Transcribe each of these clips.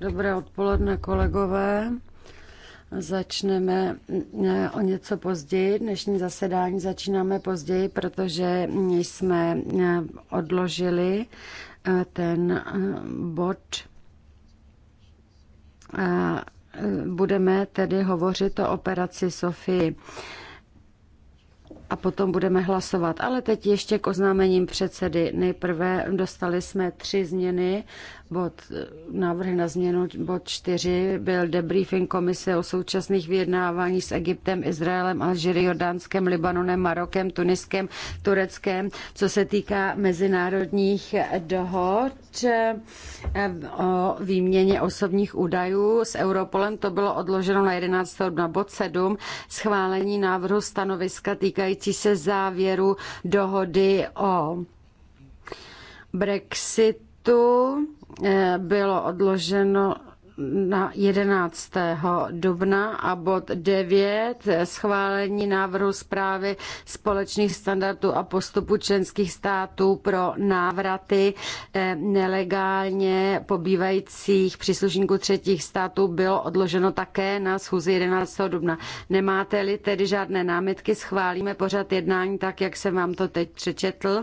Dobré odpoledne, kolegové. Začneme eh, o něco později. Dnešní zasedání začínáme později, protože jsme eh, odložili eh, ten bod. Budeme tedy hovořit o operaci Sofii a potom budeme hlasovat. Ale teď ještě k oznámením předsedy. Nejprve dostali jsme tři změny Bod, návrh na změnu bod 4 byl debriefing komise o současných vyjednávání s Egyptem, Izraelem, Alžíry, Jordánskem, Libanonem, Marokem, Tuniskem, Tureckem, co se týká mezinárodních dohod eh, o výměně osobních údajů s Europolem. To bylo odloženo na 11. na bod 7 schválení návrhu stanoviska týkající se závěru dohody o Brexit tu eh, bylo odloženo na 11. dubna a bod 9 eh, schválení návrhu zprávy společných standardů a postupu členských států pro návraty eh, nelegálně pobývajících příslušníků třetích států bylo odloženo také na schůzi 11. dubna. Nemáte-li tedy žádné námitky, schválíme pořad jednání tak, jak jsem vám to teď přečetl.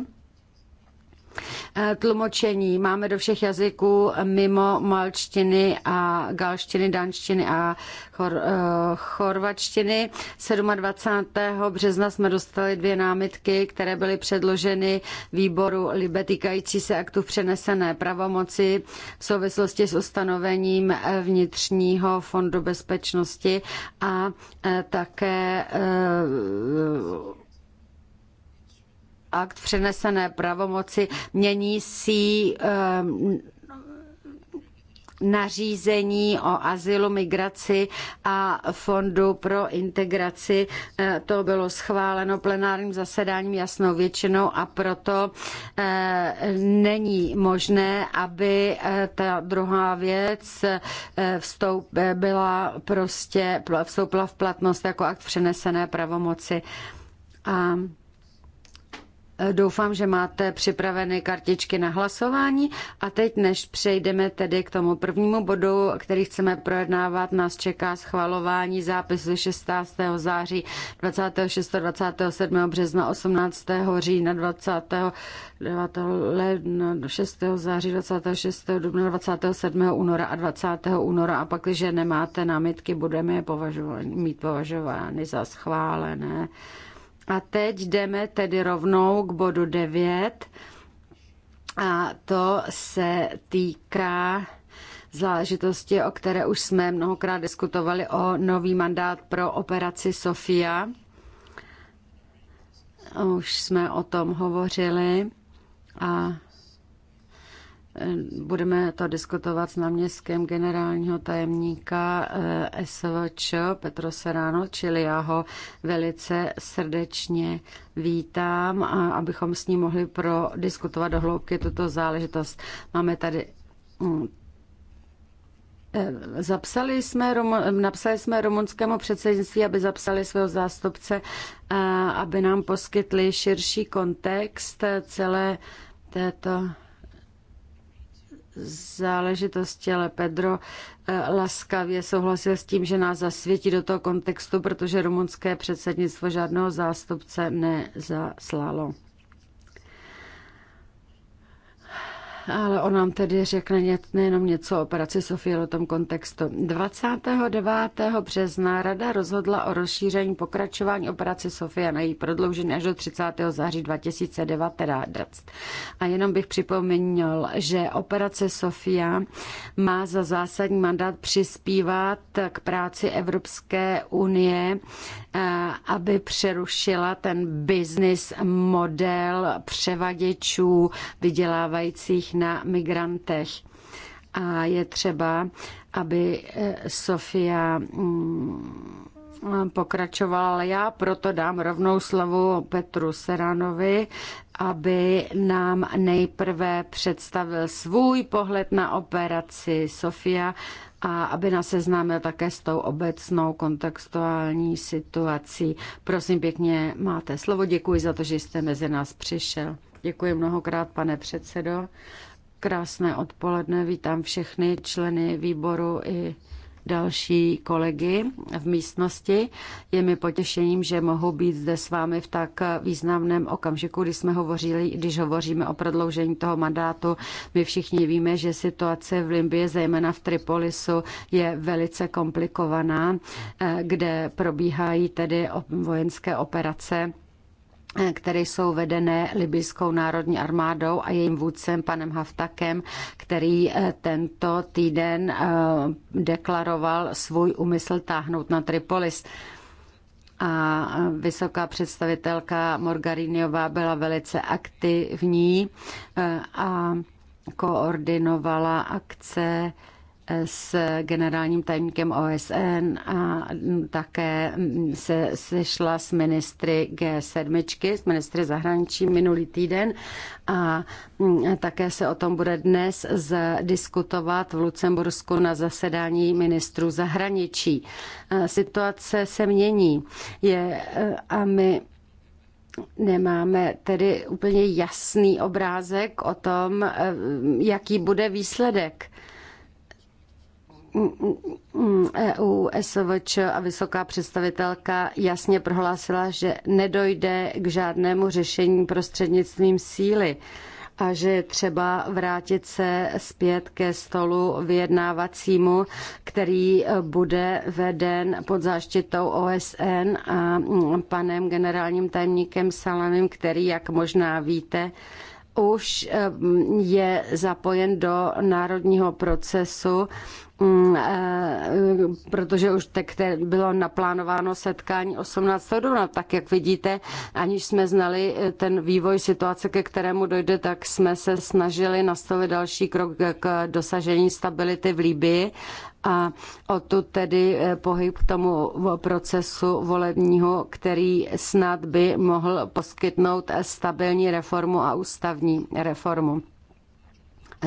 Eh, tlumočení máme do všech jazyků mimo malčtiny a galštiny, danštiny a chor, eh, chorvačtiny. 27. března jsme dostali dvě námitky, které byly předloženy výboru Libe týkající se aktu v přenesené pravomoci v souvislosti s ustanovením eh, vnitřního fondu bezpečnosti a také akt přenesené pravomoci mění si ehm, nařízení o azylu, migraci a fondu pro integraci. Eh, to bylo schváleno plenárním zasedáním jasnou většinou a proto eh, není možné, aby eh, ta druhá věc vstoup, byla prostě, vstoupila v platnost jako akt přenesené pravomoci. A Doufám, že máte připravené kartičky na hlasování a teď, než přejdeme tedy k tomu prvnímu bodu, který chceme projednávat, nás čeká schvalování zápisu 16. září, 26. 27. března, 18. října, 29. ledna, 6. září, 26. dubna, 27. února a 20. února a pak, když nemáte námitky, budeme je považovat, mít považovány za schválené. A teď jdeme tedy rovnou k bodu 9. A to se týká záležitosti, o které už jsme mnohokrát diskutovali, o nový mandát pro operaci Sofia. Už jsme o tom hovořili a Eh, budeme to diskutovat s náměstkem generálního tajemníka eh, SVČ Petro Serano, čili já ho velice srdečně vítám, a abychom s ním mohli prodiskutovat do hloubky tuto záležitost. Máme tady mm, eh, Zapsali jsme, napsali jsme rumunskému předsednictví, aby zapsali svého zástupce, aby nám poskytli širší kontext celé této záležitosti, ale Pedro eh, laskavě souhlasil s tím, že nás zasvětí do toho kontextu, protože rumunské předsednictvo žádného zástupce nezaslalo. ale on nám tedy řekne nejenom něco o operaci Sofie, o tom kontextu. 29. března Rada rozhodla o rozšíření pokračování operace Sofie na její prodloužení až do 30. září 2019. A jenom bych připomněl, že operace Sofia má za zásadní mandát přispívat k práci Evropské unie Eh, aby přerušila ten business model převaděčů vydělávajících na migrantech. A je třeba, aby eh, Sofia mm, pokračovala, ale já proto dám rovnou slovo Petru Seranovi, aby nám nejprve představil svůj pohled na operaci Sofia a aby nás seznámil také s tou obecnou kontextuální situací. Prosím pěkně, máte slovo. Děkuji za to, že jste mezi nás přišel. Děkuji mnohokrát, pane předsedo. Krásné odpoledne. Vítám všechny členy výboru i další kolegy v místnosti. Je mi potěšením, že mohu být zde s vámi v tak významném okamžiku, kdy jsme hovořili, když hovoříme o prodloužení toho mandátu. My všichni víme, že situace v Limbě, zejména v Tripolisu, je velice komplikovaná, eh, kde probíhají tedy vojenské operace Eh, které jsou vedené libyskou národní armádou a jejím vůdcem panem Haftakem, který eh, tento týden eh, deklaroval svůj úmysl táhnout na Tripolis. A vysoká představitelka Morgariniová byla velice aktivní a koordinovala akce s generálním tajemníkem OSN a také se sešla s ministry G7, s ministry zahraničí minulý týden a mm, také se o tom bude dnes diskutovat v Lucembursku na zasedání ministrů zahraničí. Situace se mění je, a my nemáme tedy úplně jasný obrázek o tom, e, jaký bude výsledek EU, SVČ a vysoká představitelka jasně prohlásila, že nedojde k žádnému řešení prostřednictvím síly a že je třeba vrátit se zpět ke stolu vyjednávacímu, který bude veden pod záštitou OSN a panem generálním tajemníkem Salamem, který, jak možná víte, už eh, je zapojen do národního procesu Mm, eh, protože už tak bylo naplánováno setkání 18. dubna. Tak jak vidíte, aniž jsme znali eh, ten vývoj situace, ke kterému dojde, tak jsme se snažili nastavit další krok k dosažení stability v Líbii a o tu tedy eh, pohyb k tomu procesu volebního, který snad by mohl poskytnout stabilní reformu a ústavní reformu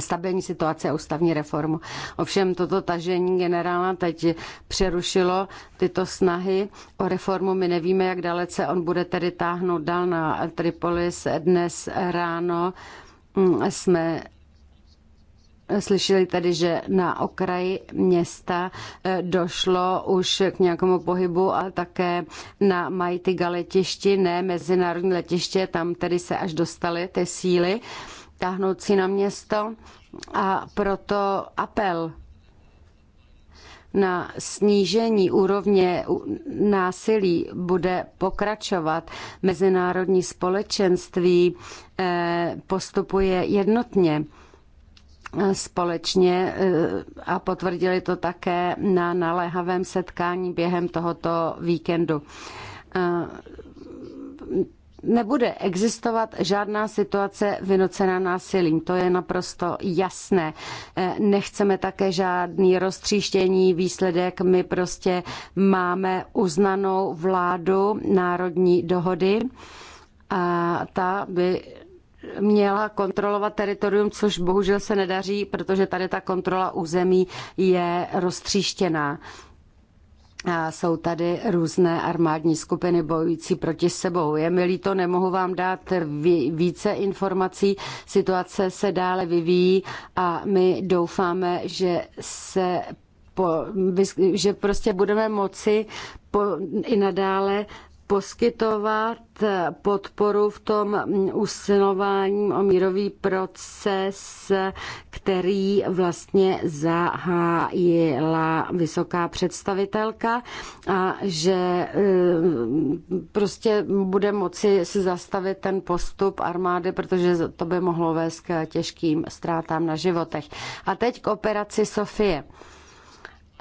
stabilní situace a ústavní reformu. Ovšem toto tažení generála teď přerušilo tyto snahy o reformu. My nevíme, jak dalece on bude tedy táhnout dál na Tripolis. Dnes ráno mm, jsme Slyšeli tady, že na okraji města eh, došlo už k nějakému pohybu, ale také na Majtiga letišti, ne mezinárodní letiště, tam tedy se až dostaly ty síly táhnout si na město a proto apel na snížení úrovně násilí bude pokračovat. Mezinárodní společenství eh, postupuje jednotně eh, společně eh, a potvrdili to také na naléhavém setkání během tohoto víkendu nebude existovat žádná situace vynocená násilím. To je naprosto jasné. E, nechceme také žádný roztříštění výsledek. My prostě máme uznanou vládu národní dohody a ta by měla kontrolovat teritorium, což bohužel se nedaří, protože tady ta kontrola území je roztříštěná jsou tady různé armádní skupiny bojující proti sebou. Je mi líto, nemohu vám dát více informací. Situace se dále vyvíjí a my doufáme, že se po, že prostě budeme moci po, i nadále poskytovat podporu v tom usilování o mírový proces, který vlastně zahájila vysoká představitelka a že eh, prostě bude moci si zastavit ten postup armády, protože to by mohlo vést k těžkým ztrátám na životech. A teď k operaci Sofie.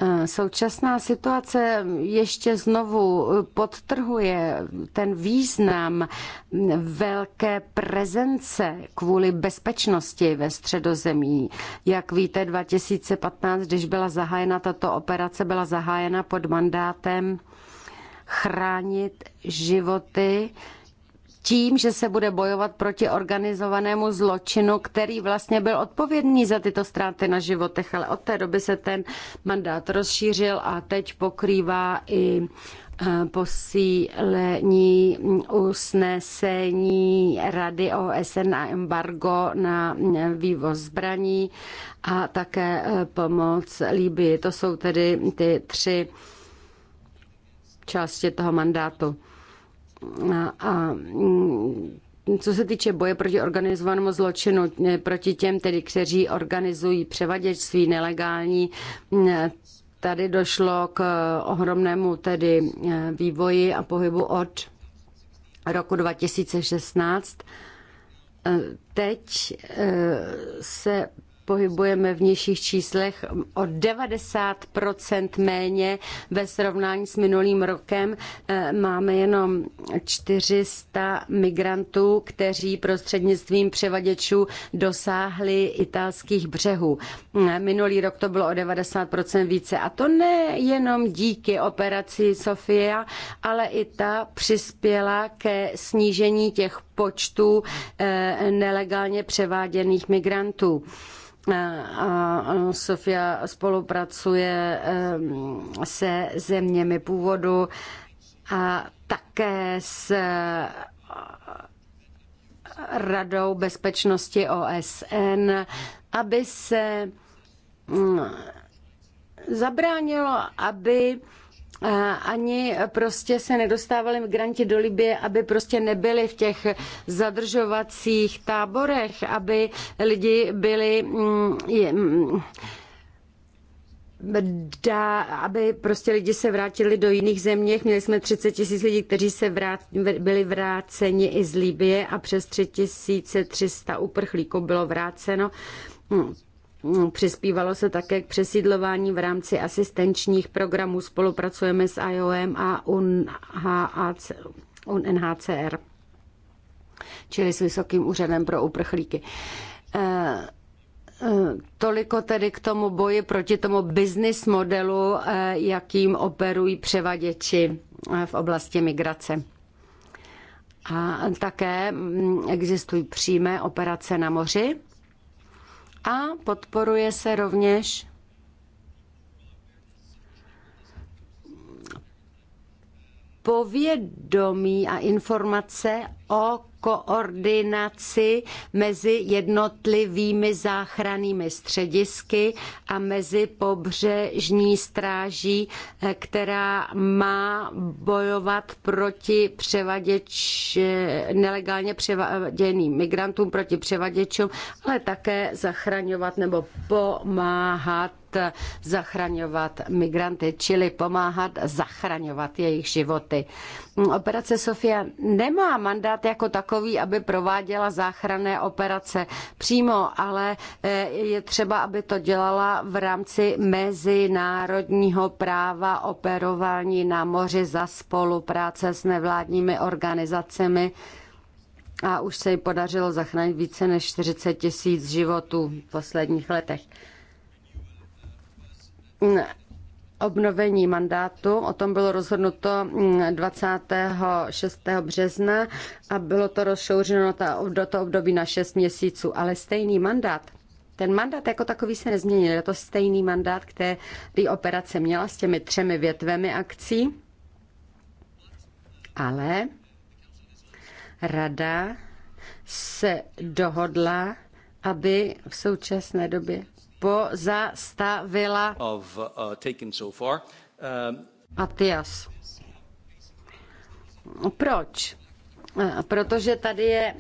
Eh, současná situace ještě znovu podtrhuje ten význam velké prezence kvůli bezpečnosti ve středozemí. Jak víte, 2015, když byla zahájena tato operace, byla zahájena pod mandátem chránit životy tím, že se bude bojovat proti organizovanému zločinu, který vlastně byl odpovědný za tyto ztráty na životech, ale od té doby se ten mandát rozšířil a teď pokrývá i eh, posílení usnesení Rady OSN a embargo na eh, vývoz zbraní a také eh, pomoc Líbii. To jsou tedy ty tři části toho mandátu a mm, co se týče boje proti organizovanému zločinu, proti těm, tedy, kteří organizují převaděčství nelegální, mm, tady došlo k ohromnému tedy e, vývoji a pohybu od roku 2016. E, teď e, se pohybujeme v nižších číslech o 90% méně ve srovnání s minulým rokem. Eh, máme jenom 400 migrantů, kteří prostřednictvím převaděčů dosáhli italských břehů. Eh, minulý rok to bylo o 90% více. A to nejenom díky operaci Sofia, ale i ta přispěla ke snížení těch počtů eh, nelegálně převáděných migrantů a Sofia spolupracuje se zeměmi původu a také s Radou bezpečnosti OSN, aby se mm, zabránilo, aby ani prostě se nedostávali migranti do Libie, aby prostě nebyli v těch zadržovacích táborech, aby lidi byli mm, mm, dá, aby prostě lidi se vrátili do jiných zeměch. Měli jsme 30 tisíc lidí, kteří se vrát, byli vráceni i z Libie a přes 3300 uprchlíků bylo vráceno mm. Mm, přispívalo se také k přesídlování v rámci asistenčních programů. Spolupracujeme s IOM a UNHCR, čili s Vysokým úřadem pro uprchlíky. Eh, eh, toliko tedy k tomu boji proti tomu business modelu, eh, jakým operují převaděči v oblasti migrace. A také mm, existují přímé operace na moři a podporuje se rovněž povědomí a informace o koordinaci mezi jednotlivými záchrannými středisky a mezi pobřežní stráží, eh, která má bojovat proti převaděč, eh, nelegálně převaděným migrantům, proti převaděčům, ale také zachraňovat nebo pomáhat zachraňovat migranty, čili pomáhat zachraňovat jejich životy. Operace Sofia nemá mandát jako takový, aby prováděla záchranné operace přímo, ale eh, je třeba, aby to dělala v rámci mezinárodního práva operování na moři za spolupráce s nevládními organizacemi a už se jí podařilo zachránit více než 40 tisíc životů v posledních letech. Mm, obnovení mandátu. O tom bylo rozhodnuto 26. Mm, března a bylo to rozšouřeno do toho období na 6 měsíců, ale stejný mandát. Ten mandát jako takový se nezměnil. Je to stejný mandát, který operace měla s těmi třemi větvemi akcí, ale rada se dohodla, aby v současné době pozastavila of, uh, taken so far. Um, Proč? Eh, protože tady je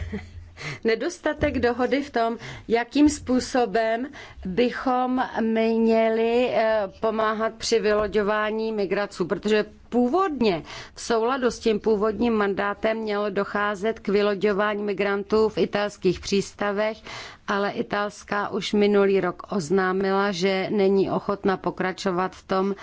nedostatek dohody v tom, jakým způsobem bychom měli eh, pomáhat při vyloďování migraců, protože původně v souladu s tím původním mandátem mělo docházet k vyloďování migrantů v italských přístavech ale italská už minulý rok oznámila, že není ochotna pokračovat v tom,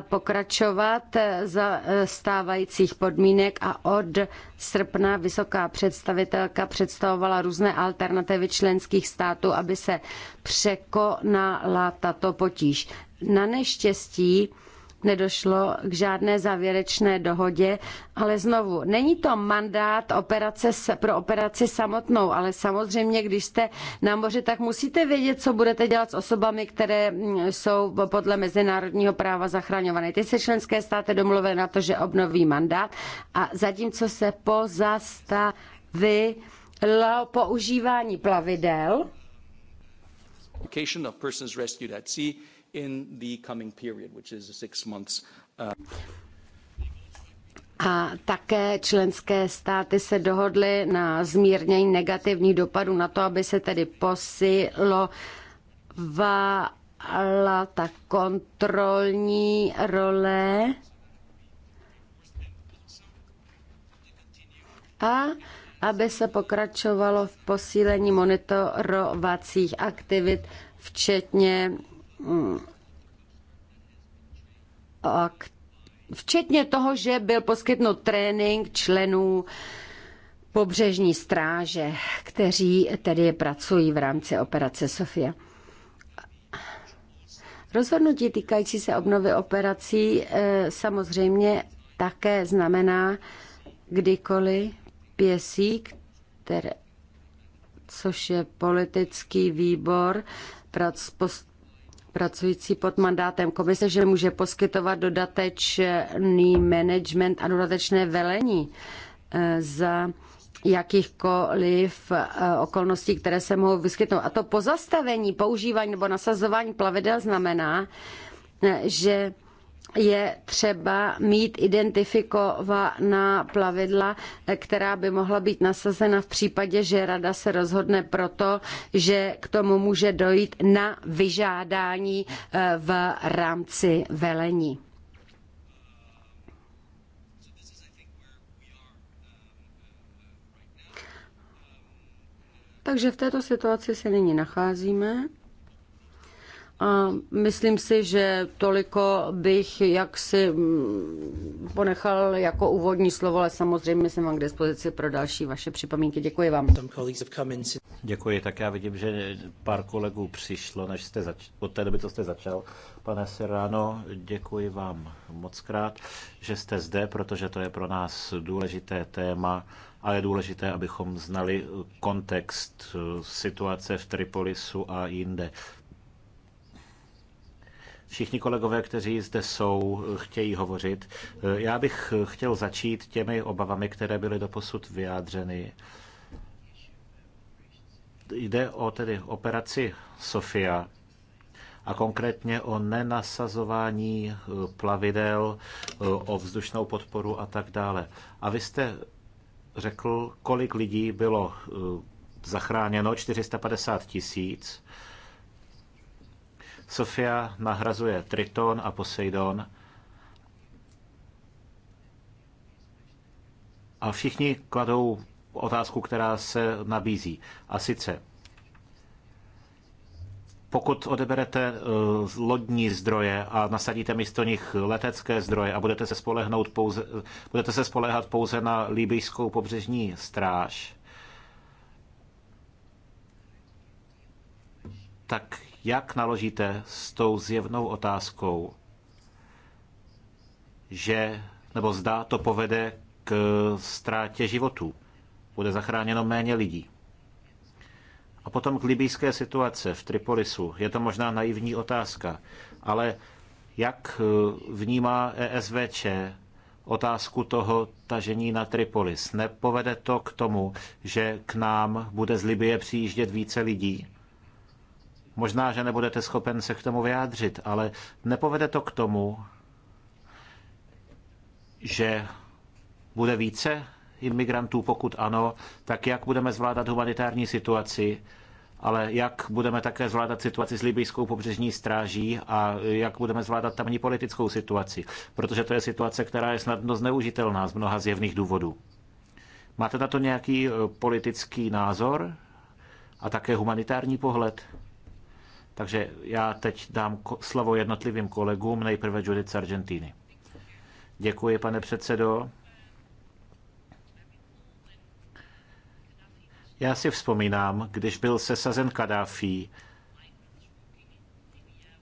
pokračovat za e, stávajících podmínek a od srpna vysoká představitelka představovala různé alternativy členských států, aby se překonala tato potíž. Na neštěstí nedošlo k žádné závěrečné dohodě, ale znovu, není to mandát operace pro operaci samotnou, ale samozřejmě, když jste na moři, tak musíte vědět, co budete dělat s osobami, které mm, jsou podle mezinárodního práva zachraňované. Ty se členské státy domluvily na to, že obnoví mandát a zatímco se pozastavilo používání plavidel, in the coming period, which is six months. Uh, a také členské státy se dohodly na zmírnění negativních dopadů na to, aby se tedy posilovala ta kontrolní role a aby se pokračovalo v posílení monitorovacích aktivit, včetně včetně toho, že byl poskytnut trénink členů pobřežní stráže, kteří tedy pracují v rámci operace Sofia. Rozhodnutí týkající se obnovy operací eh, samozřejmě také znamená, kdykoliv pěsí, které, což je politický výbor, prac, pracující pod mandátem komise, že může poskytovat dodatečný management a dodatečné velení eh, za jakýchkoliv eh, okolností, které se mohou vyskytnout. A to pozastavení používání nebo nasazování plavidel znamená, eh, že je třeba mít identifikovaná plavidla, která by mohla být nasazena v případě, že rada se rozhodne proto, že k tomu může dojít na vyžádání eh, v rámci velení. Takže v této situaci se nyní nacházíme. A myslím si, že toliko bych jaksi mm, ponechal jako úvodní slovo, ale samozřejmě jsem vám k dispozici pro další vaše připomínky. Děkuji vám. Děkuji, tak já vidím, že pár kolegů přišlo, než jste zač- od té doby, co jste začal. Pane Serrano, děkuji vám moc krát, že jste zde, protože to je pro nás důležité téma a je důležité, abychom znali kontext eh, situace v Tripolisu a jinde. Všichni kolegové, kteří zde jsou, chtějí hovořit. Já bych chtěl začít těmi obavami, které byly doposud vyjádřeny. Jde o tedy operaci Sofia a konkrétně o nenasazování eh, plavidel, eh, o vzdušnou podporu a tak dále. A vy jste řekl, kolik lidí bylo eh, zachráněno, 450 tisíc. Sofia nahrazuje Triton a Poseidon. A všichni kladou otázku, která se nabízí. A sice, pokud odeberete eh, lodní zdroje a nasadíte místo nich letecké zdroje a budete se, spolehnout pouze, budete se spolehat pouze na líbyjskou pobřežní stráž, tak jak naložíte s tou zjevnou otázkou, že nebo zdá to povede k ztrátě životů? Bude zachráněno méně lidí. A potom k libijské situace v Tripolisu. Je to možná naivní otázka, ale jak vnímá ESVČ otázku toho tažení na Tripolis? Nepovede to k tomu, že k nám bude z Libie přijíždět více lidí? Možná, že nebudete schopen se k tomu vyjádřit, ale nepovede to k tomu, že bude více imigrantů, pokud ano, tak jak budeme zvládat humanitární situaci, ale jak budeme také zvládat situaci s libijskou pobřežní stráží a jak budeme zvládat tamní politickou situaci, protože to je situace, která je snadno zneužitelná z mnoha zjevných důvodů. Máte na to nějaký eh, politický názor a také humanitární pohled? Takže já teď dám slovo jednotlivým kolegům, nejprve Judith Argentíny. Děkuji, pane předsedo. Já si vzpomínám, když byl sesazen Kadáfi,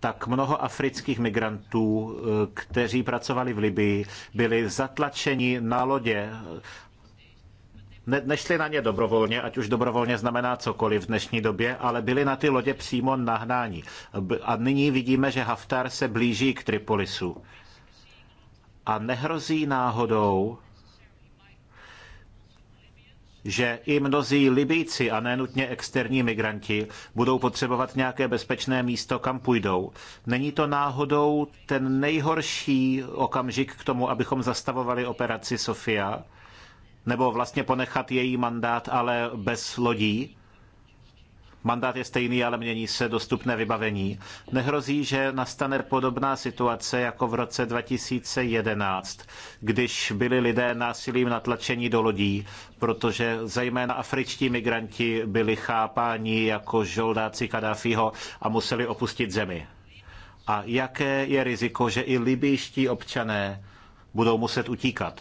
tak mnoho afrických migrantů, eh, kteří pracovali v Libii, byli zatlačeni na lodě ne, nešli na ně dobrovolně, ať už dobrovolně znamená cokoliv v dnešní době, ale byli na ty lodě přímo nahnání. A nyní vidíme, že Haftar se blíží k Tripolisu. A nehrozí náhodou, že i mnozí Libíci a nenutně externí migranti budou potřebovat nějaké bezpečné místo, kam půjdou. Není to náhodou ten nejhorší okamžik k tomu, abychom zastavovali operaci Sofia? nebo vlastně ponechat její mandát, ale bez lodí. Mandát je stejný, ale mění se dostupné vybavení. Nehrozí, že nastane podobná situace jako v roce 2011, když byli lidé násilím natlačeni do lodí, protože zejména afričtí migranti byli chápáni jako žoldáci Kadáfího a museli opustit zemi. A jaké je riziko, že i libýští občané budou muset utíkat?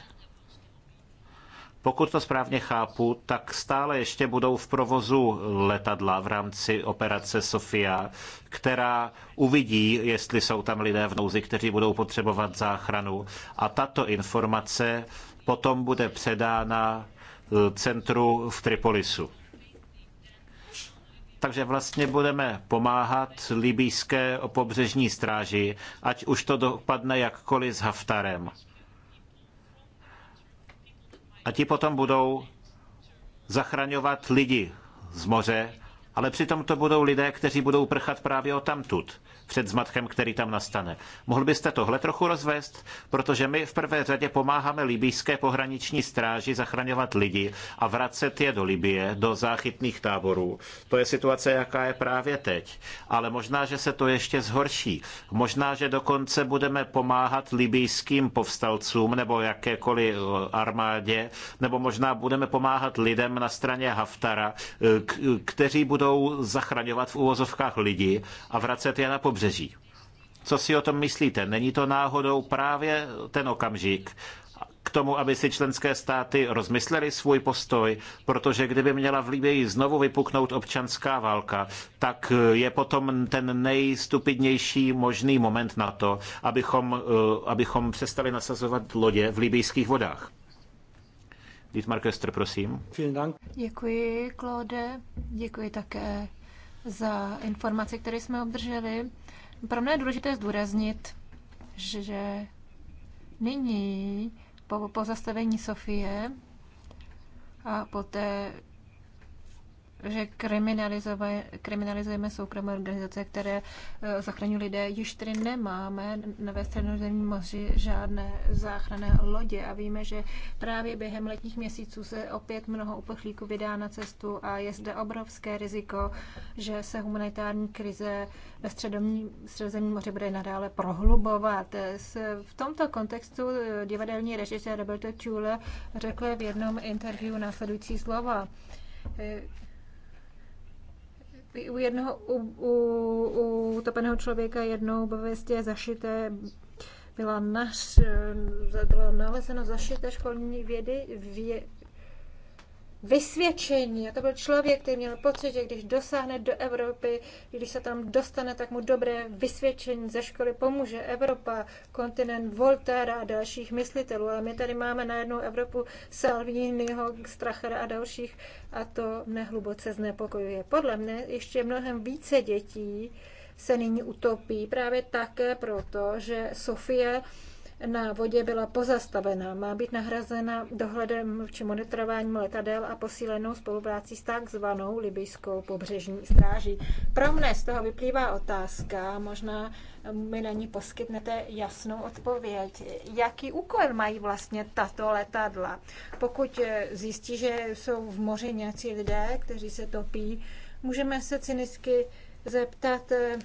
Pokud to správně chápu, tak stále ještě budou v provozu letadla v rámci operace Sofia, která uvidí, jestli jsou tam lidé v nouzi, kteří budou potřebovat záchranu. A tato informace potom bude předána eh, centru v Tripolisu. Takže vlastně budeme pomáhat libýské pobřežní stráži, ať už to dopadne jakkoliv s Haftarem a ti potom budou zachraňovat lidi z moře ale přitom to budou lidé, kteří budou prchat právě o tamtud, před zmatkem, který tam nastane. Mohl byste tohle trochu rozvést? Protože my v prvé řadě pomáháme libýské pohraniční stráži zachraňovat lidi a vracet je do Libie, do záchytných táborů. To je situace, jaká je právě teď. Ale možná, že se to ještě zhorší. Možná, že dokonce budeme pomáhat libýským povstalcům nebo jakékoliv eh, armádě, nebo možná budeme pomáhat lidem na straně Haftara, eh, kteří budou budou zachraňovat v úvozovkách lidi a vracet je na pobřeží. Co si o tom myslíte? Není to náhodou právě ten okamžik, k tomu, aby si členské státy rozmysleli svůj postoj, protože kdyby měla v Libii znovu vypuknout občanská válka, tak je potom ten nejstupidnější možný moment na to, abychom, eh, abychom přestali nasazovat lodě v libijských vodách. Dietmar Köster, prosím. Děkuji, Claude. Děkuji také za informace, které jsme obdrželi. Pro mě je důležité zdůraznit, že nyní po, po zastavení Sofie a poté, že kriminalizujeme soukromé organizace, které eh, zachraňují lidé. Již tedy nemáme na středozemním moři žádné záchranné lodě a víme, že právě během letních měsíců se opět mnoho uprchlíků vydá na cestu a je zde obrovské riziko, že se humanitární krize ve Středozemní moři bude nadále prohlubovat. V tomto kontextu eh, divadelní režisér Roberto Chule řekl v jednom interview následující slova eh, u jednoho u, u, u topeného člověka jednou bavěstě zašité byla naš, eh, bylo nalezeno zašité školní vědy, vě, vysvědčení. A to byl člověk, který měl pocit, že když dosáhne do Evropy, když se tam dostane, tak mu dobré vysvědčení ze školy pomůže. Evropa, kontinent Voltaire a dalších myslitelů. Ale my tady máme najednou Evropu Salviniho, Strachera a dalších a to mne hluboce znepokojuje. Podle mne ještě mnohem více dětí se nyní utopí právě také proto, že Sofie na vodě byla pozastavena. Má být nahrazena dohledem či monitorováním letadel a posílenou spoluprácí s takzvanou libijskou pobřežní stráží. Pro mne z toho vyplývá otázka, možná mi na ní poskytnete jasnou odpověď. Jaký úkol mají vlastně tato letadla? Pokud eh, zjistí, že jsou v moři nějací lidé, kteří se topí, můžeme se cynicky zeptat, eh,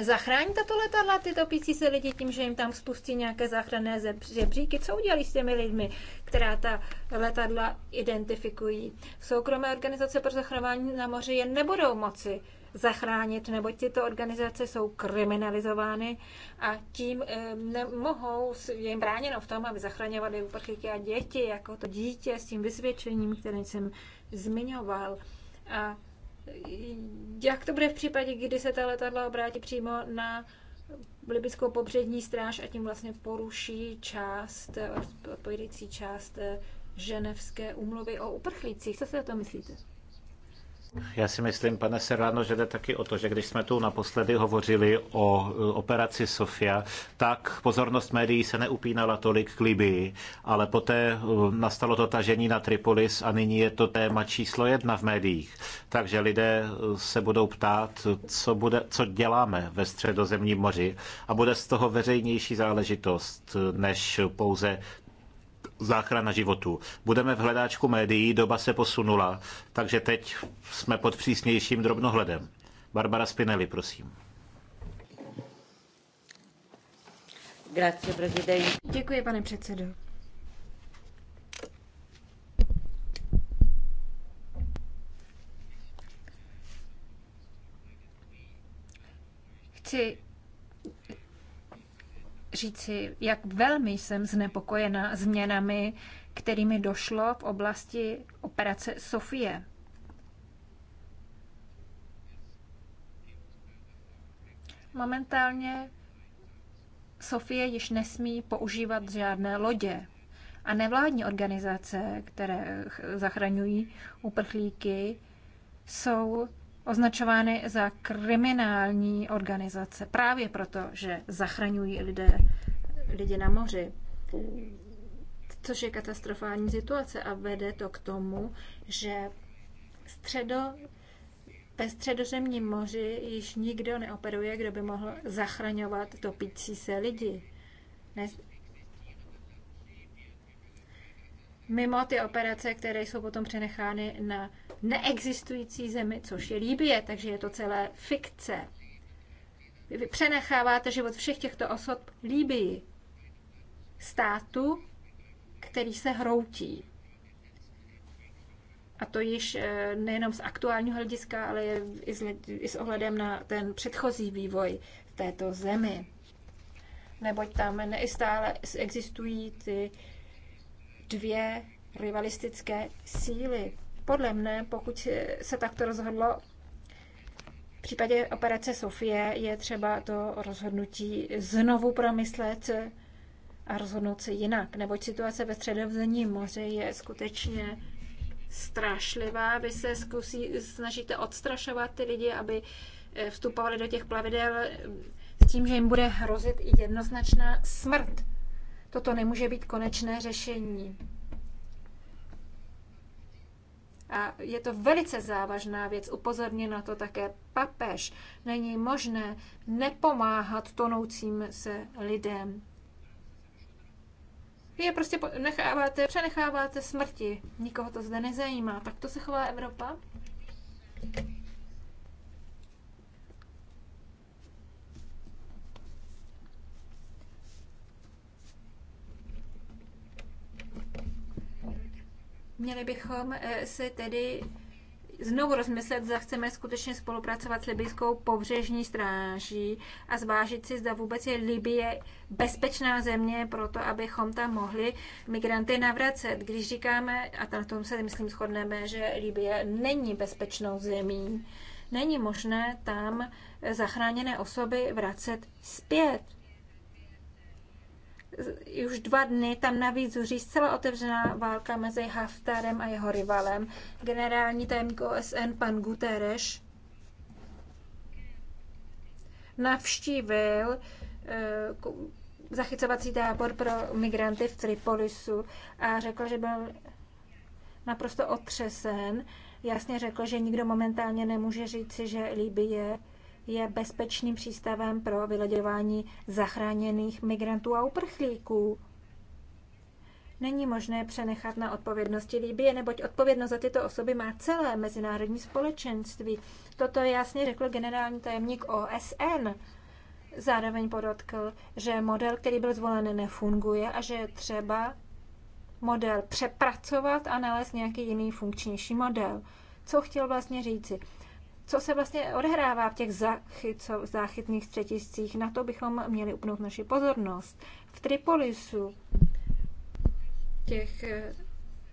zachrání tato letadla, ty topící se lidi tím, že jim tam spustí nějaké záchranné žebříky. Co udělali s těmi lidmi, která ta letadla identifikují? Soukromé organizace pro zachování na moři je nebudou moci zachránit, neboť tyto organizace jsou kriminalizovány a tím eh, nemohou, je jim bráněno v tom, aby zachraňovali uprchlíky a děti, jako to dítě s tím vysvědčením, které jsem zmiňoval. A jak to bude v případě, kdy se ta letadla obrátí přímo na libyskou popřední stráž a tím vlastně poruší část, odpovědící část eh, ženevské úmluvy o uprchlících. Co si o to myslíte? Já si myslím, pane Serrano, že jde taky o to, že když jsme tu naposledy hovořili o e, operaci Sofia, tak pozornost médií se neupínala tolik k Libii, ale poté e, nastalo to tažení na Tripolis a nyní je to téma číslo jedna v médiích. Takže lidé e, se budou ptát, co, bude, co děláme ve středozemním moři a bude z toho veřejnější záležitost než pouze záchrana životů. Budeme v hledáčku médií, doba se posunula, takže teď jsme pod přísnějším drobnohledem. Barbara Spinelli, prosím. Děkuji, pane předsedo. Chci říci, jak velmi jsem znepokojena změnami, kterými došlo v oblasti operace Sofie. Momentálně Sofie již nesmí používat žádné lodě. A nevládní organizace, které zachraňují uprchlíky, jsou označovány za kriminální organizace právě proto, že zachraňují lidé, lidi na moři což je katastrofální situace a vede to k tomu, že středo, ve středozemním moři již nikdo neoperuje, kdo by mohl zachraňovat topící se lidi. Ne, mimo ty operace, které jsou potom přenechány na neexistující zemi, což je Líbie, takže je to celé fikce. Vy přenecháváte život všech těchto osob Líbii, státu, který se hroutí. A to již eh, nejenom z aktuálního hlediska, ale i s, i s ohledem na ten předchozí vývoj v této zemi. Neboť tam neistále existují ty dvě rivalistické síly. Podle mne, pokud se takto rozhodlo, v případě operace Sofie je třeba to rozhodnutí znovu promyslet a rozhodnout se jinak, neboť situace ve středovzení moři je skutečně strašlivá. Vy se zkusí, snažíte odstrašovat ty lidi, aby eh, vstupovali do těch plavidel eh, s tím, že jim bude hrozit i jednoznačná smrt. Toto nemůže být konečné řešení. A je to velice závažná věc, upozorně na to také papež. Není možné nepomáhat tonoucím se lidem. Vy je prostě necháváte, přenecháváte smrti. Nikoho to zde nezajímá. Tak to se chová Evropa? Měli bychom eh, si tedy znovu rozmyslet, zda chceme skutečně spolupracovat s libijskou pobřežní stráží a zvážit si, zda vůbec je Libie bezpečná země pro to, abychom tam mohli migranty navracet. Když říkáme, a na tom se myslím shodneme, že Libie není bezpečnou zemí, není možné tam zachráněné osoby vracet zpět už dva dny tam navíc zuří zcela otevřená válka mezi Haftarem a jeho rivalem. Generální tajemník OSN pan Guterres navštívil eh, zachycovací tábor pro migranty v Tripolisu a řekl, že byl naprosto otřesen. Jasně řekl, že nikdo momentálně nemůže říci, že Libye je bezpečným přístavem pro vyloděvání zachráněných migrantů a uprchlíků. Není možné přenechat na odpovědnosti Líbie, neboť odpovědnost za tyto osoby má celé mezinárodní společenství. Toto jasně řekl generální tajemník OSN. Zároveň podotkl, že model, který byl zvolen, nefunguje a že je třeba model přepracovat a nalézt nějaký jiný funkčnější model. Co chtěl vlastně říci? co se vlastně odehrává v těch zachyco, záchytných střetiscích. Na to bychom měli upnout naši pozornost. V Tripolisu, těch eh,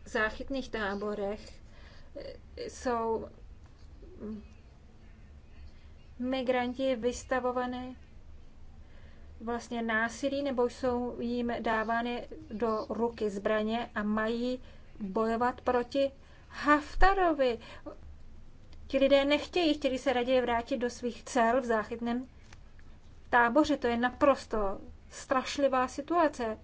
záchytných táborech, eh, jsou hm, migranti vystavované vlastně násilí nebo jsou jim dávány do ruky zbraně a mají bojovat proti Haftarovi. Ti lidé nechtějí, chtěli se raději vrátit do svých cel v záchytném táboře. To je naprosto strašlivá situace.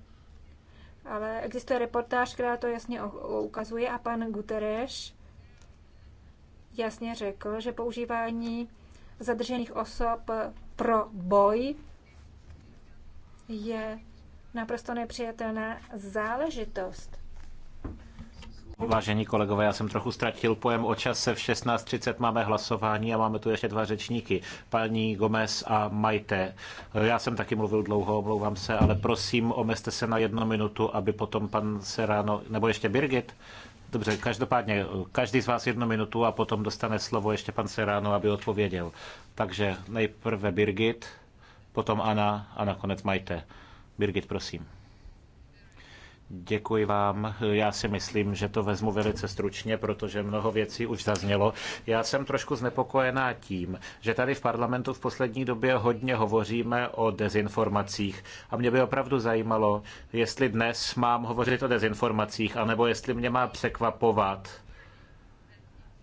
Ale existuje reportáž, která to jasně ukazuje a pan Guterres jasně řekl, že používání zadržených osob pro boj je naprosto nepřijatelná záležitost. Vážení kolegové, já jsem trochu ztratil pojem o čase. V 16.30 máme hlasování a máme tu ještě dva řečníky, paní Gomez a Majte. Já jsem taky mluvil dlouho, omlouvám se, ale prosím, omezte se na jednu minutu, aby potom pan Serano, nebo ještě Birgit, Dobře, každopádně každý z vás jednu minutu a potom dostane slovo ještě pan Serano, aby odpověděl. Takže nejprve Birgit, potom Ana a nakonec Majte. Birgit, prosím. Děkuji vám. Já si myslím, že to vezmu velice stručně, protože mnoho věcí už zaznělo. Já jsem trošku znepokojená tím, že tady v parlamentu v poslední době hodně hovoříme o dezinformacích. A mě by opravdu zajímalo, jestli dnes mám hovořit o dezinformacích, anebo jestli mě má překvapovat,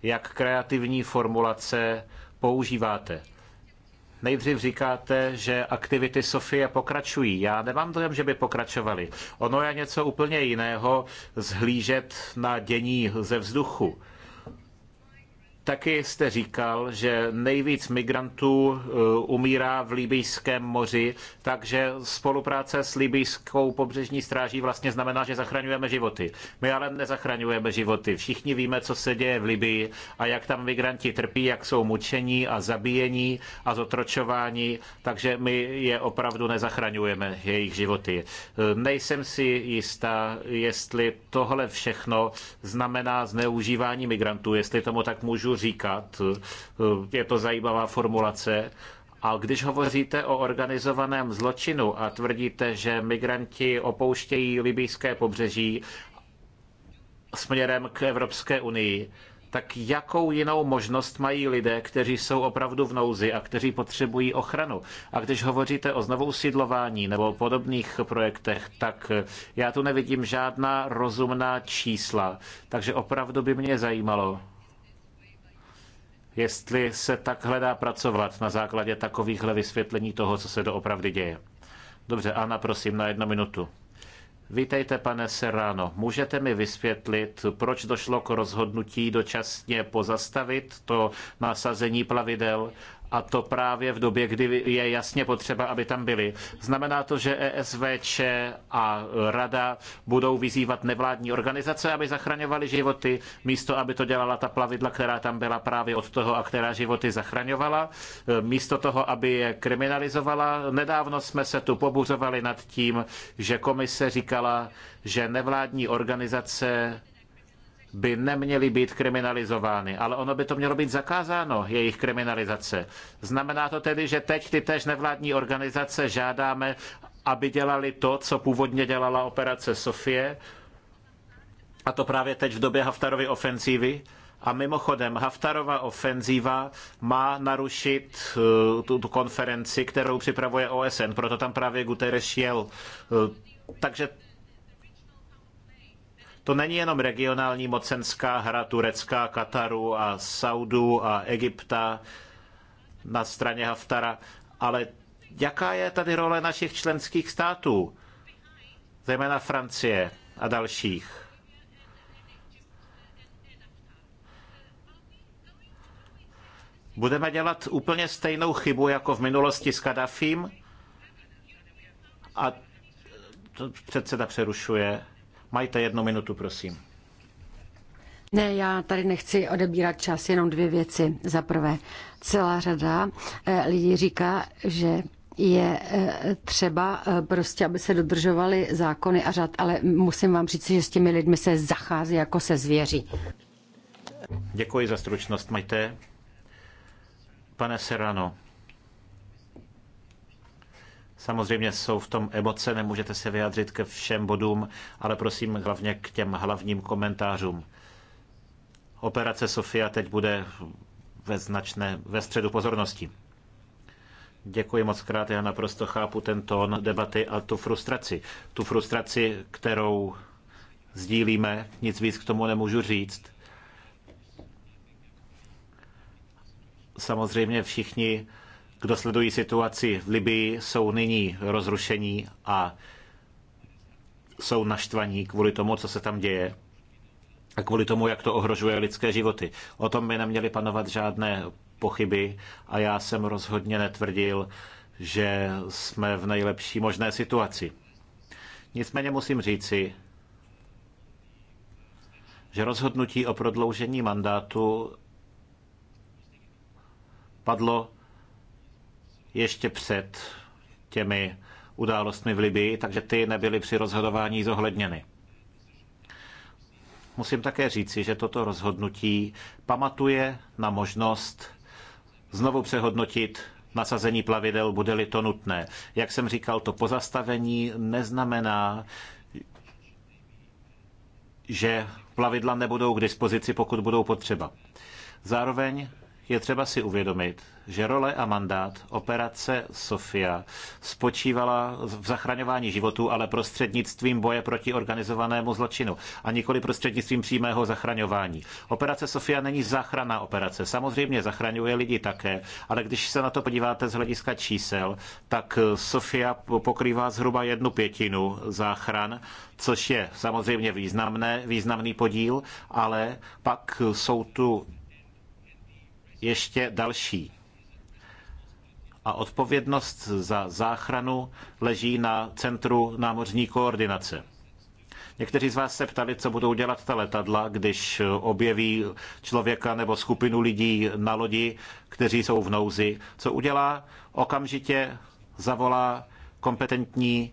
jak kreativní formulace používáte. Nejdřív říkáte, že aktivity Sofie pokračují. Já nemám dojem, že by pokračovaly. Ono je něco úplně jiného zhlížet na dění ze vzduchu. Taky jste říkal, že nejvíc migrantů eh, umírá v libijském moři, takže spolupráce s libijskou pobřežní stráží vlastně znamená, že zachraňujeme životy. My ale nezachraňujeme životy. Všichni víme, co se děje v Libii a jak tam migranti trpí, jak jsou mučení a zabíjení a zotročování, takže my je opravdu nezachraňujeme, jejich životy. Eh, nejsem si jistá, jestli tohle všechno znamená zneužívání migrantů, jestli tomu tak můžu říkat. Eh, je to zajímavá formulace. A když hovoříte o organizovaném zločinu a tvrdíte, že migranti opouštějí libýské pobřeží směrem k Evropské unii, tak jakou jinou možnost mají lidé, kteří jsou opravdu v nouzi a kteří potřebují ochranu? A když hovoříte o znovu usídlování nebo podobných projektech, tak eh, já tu nevidím žádná rozumná čísla. Takže opravdu by mě zajímalo, jestli se tak hledá pracovat na základě takovýchhle vysvětlení toho, co se doopravdy děje. Dobře, Ana, prosím, na jednu minutu. Vítejte, pane Serrano. Můžete mi vysvětlit, proč došlo k rozhodnutí dočasně pozastavit to nasazení plavidel a to právě v době, kdy je jasně potřeba, aby tam byli. Znamená to, že ESVČ a Rada budou vyzývat nevládní organizace, aby zachraňovaly životy, místo aby to dělala ta plavidla, která tam byla právě od toho a která životy zachraňovala, místo toho, aby je kriminalizovala. Nedávno jsme se tu pobuřovali nad tím, že komise říkala, že nevládní organizace by neměly být kriminalizovány, ale ono by to mělo být zakázáno, jejich kriminalizace. Znamená to tedy, že teď ty tež nevládní organizace žádáme, aby dělali to, co původně dělala operace Sofie, a to právě teď v době Haftarovy ofenzívy. A mimochodem, Haftarova ofenzíva má narušit eh, tu, tu konferenci, kterou připravuje OSN, proto tam právě Guterres jel. Eh, takže to není jenom regionální mocenská hra Turecka, Kataru a Saudu a Egypta na straně Haftara, ale jaká je tady role našich členských států, zejména Francie a dalších? Budeme dělat úplně stejnou chybu jako v minulosti s Kadafím? A předseda přerušuje. Majte jednu minutu, prosím. Ne, já tady nechci odebírat čas, jenom dvě věci. Za prvé, celá řada eh, lidí říká, že je eh, třeba eh, prostě, aby se dodržovaly zákony a řád, ale musím vám říct, že s těmi lidmi se zachází jako se zvěří. Děkuji za stručnost, Majte. Pane Serano. Samozřejmě jsou v tom emoce, nemůžete se vyjádřit ke všem bodům, ale prosím hlavně k těm hlavním komentářům. Operace Sofia teď bude ve značné, ve středu pozornosti. Děkuji moc krát, já naprosto chápu ten tón debaty a tu frustraci. Tu frustraci, kterou sdílíme, nic víc k tomu nemůžu říct. Samozřejmě všichni kdo sledují situaci v Libii, jsou nyní rozrušení a jsou naštvaní kvůli tomu, co se tam děje a kvůli tomu, jak to ohrožuje lidské životy. O tom by neměly panovat žádné pochyby a já jsem rozhodně netvrdil, že jsme v nejlepší možné situaci. Nicméně musím říci, že rozhodnutí o prodloužení mandátu padlo ještě před těmi událostmi v Libii, takže ty nebyly při rozhodování zohledněny. Musím také říci, že toto rozhodnutí pamatuje na možnost znovu přehodnotit nasazení plavidel, bude-li to nutné. Jak jsem říkal, to pozastavení neznamená, že plavidla nebudou k dispozici, pokud budou potřeba. Zároveň je třeba si uvědomit, že role a mandát operace Sofia spočívala v zachraňování životů, ale prostřednictvím boje proti organizovanému zločinu a nikoli prostřednictvím přímého zachraňování. Operace Sofia není záchranná operace. Samozřejmě zachraňuje lidi také, ale když se na to podíváte z hlediska čísel, tak Sofia pokrývá zhruba jednu pětinu záchran, což je samozřejmě významné, významný podíl, ale pak jsou tu ještě další. A odpovědnost za záchranu leží na Centru námořní koordinace. Někteří z vás se ptali, co budou dělat ta letadla, když objeví člověka nebo skupinu lidí na lodi, kteří jsou v nouzi. Co udělá? Okamžitě zavolá kompetentní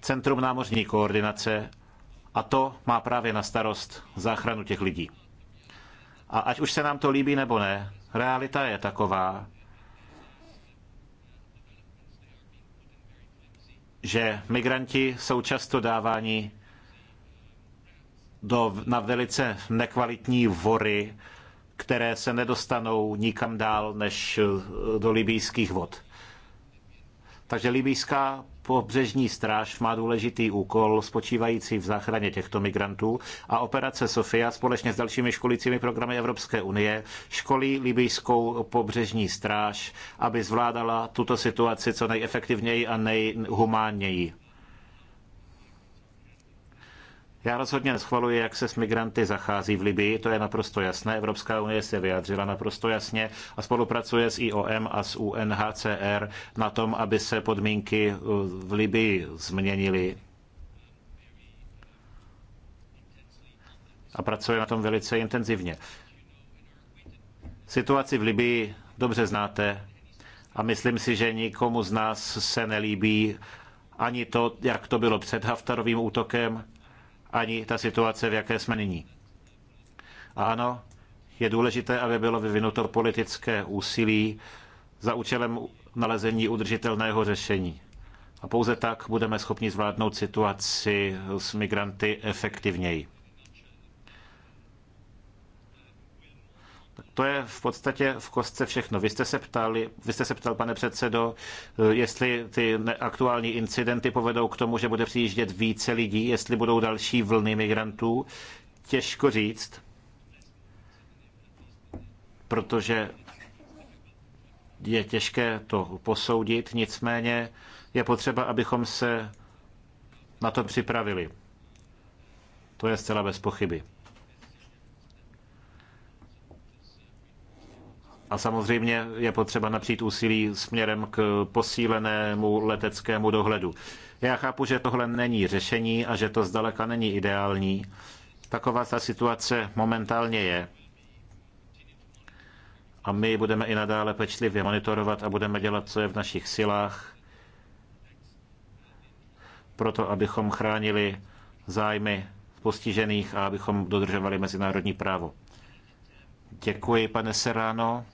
Centrum námořní koordinace a to má právě na starost záchranu těch lidí. A ať už se nám to líbí nebo ne, realita je taková, že migranti jsou často dáváni do, na velice nekvalitní vory, které se nedostanou nikam dál než do libýských vod. Takže libýská pobřežní stráž má důležitý úkol spočívající v záchraně těchto migrantů a operace Sofia společně s dalšími školicími programy Evropské unie školí libijskou pobřežní stráž, aby zvládala tuto situaci co nejefektivněji a nejhumánněji. Já rozhodně neschvaluji, jak se s migranty zachází v Libii, to je naprosto jasné. Evropská unie se vyjádřila naprosto jasně a spolupracuje s IOM a s UNHCR na tom, aby se podmínky eh, v Libii změnily. A pracuje na tom velice intenzivně. Situaci v Libii dobře znáte a myslím si, že nikomu z nás se nelíbí ani to, jak to bylo před Haftarovým útokem, ani ta situace, v jaké jsme nyní. A ano, je důležité, aby bylo vyvinuto politické úsilí za účelem nalezení udržitelného řešení. A pouze tak budeme schopni zvládnout situaci s migranty efektivněji. To je v podstatě v kostce všechno. Vy jste se ptali, vy jste se ptal, pane předsedo, eh, jestli ty aktuální incidenty povedou k tomu, že bude přijíždět více lidí, jestli budou další vlny migrantů. Těžko říct, protože je těžké to posoudit, nicméně je potřeba, abychom se na to připravili. To je zcela bez pochyby. A samozřejmě je potřeba napřít úsilí směrem k posílenému leteckému dohledu. Já chápu, že tohle není řešení a že to zdaleka není ideální. Taková ta situace momentálně je. A my budeme i nadále pečlivě monitorovat a budeme dělat, co je v našich silách, proto abychom chránili zájmy postižených a abychom dodržovali mezinárodní právo. Děkuji, pane Serrano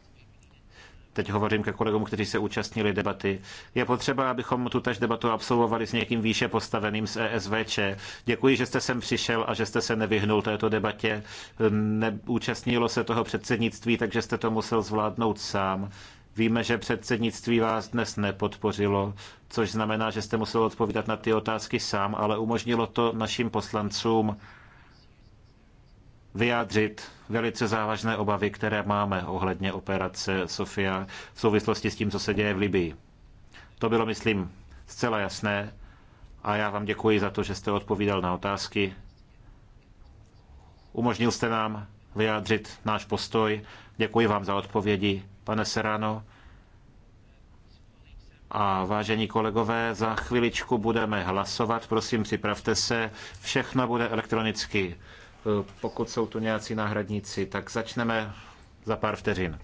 teď hovořím ke kolegům, kteří se účastnili debaty, je potřeba, abychom tu tež debatu absolvovali s někým výše postaveným z ESVČ. Děkuji, že jste sem přišel a že jste se nevyhnul této debatě. Neúčastnilo se toho předsednictví, takže jste to musel zvládnout sám. Víme, že předsednictví vás dnes nepodpořilo, což znamená, že jste musel odpovídat na ty otázky sám, ale umožnilo to našim poslancům vyjádřit velice závažné obavy, které máme ohledně operace Sofia v souvislosti s tím, co se děje v Libii. To bylo, myslím, zcela jasné a já vám děkuji za to, že jste odpovídal na otázky. Umožnil jste nám vyjádřit náš postoj. Děkuji vám za odpovědi, pane Serano. A vážení kolegové, za chviličku budeme hlasovat. Prosím, připravte se. Všechno bude elektronicky. Eh, pokud jsou tu nějací náhradníci, tak začneme za pár vteřin.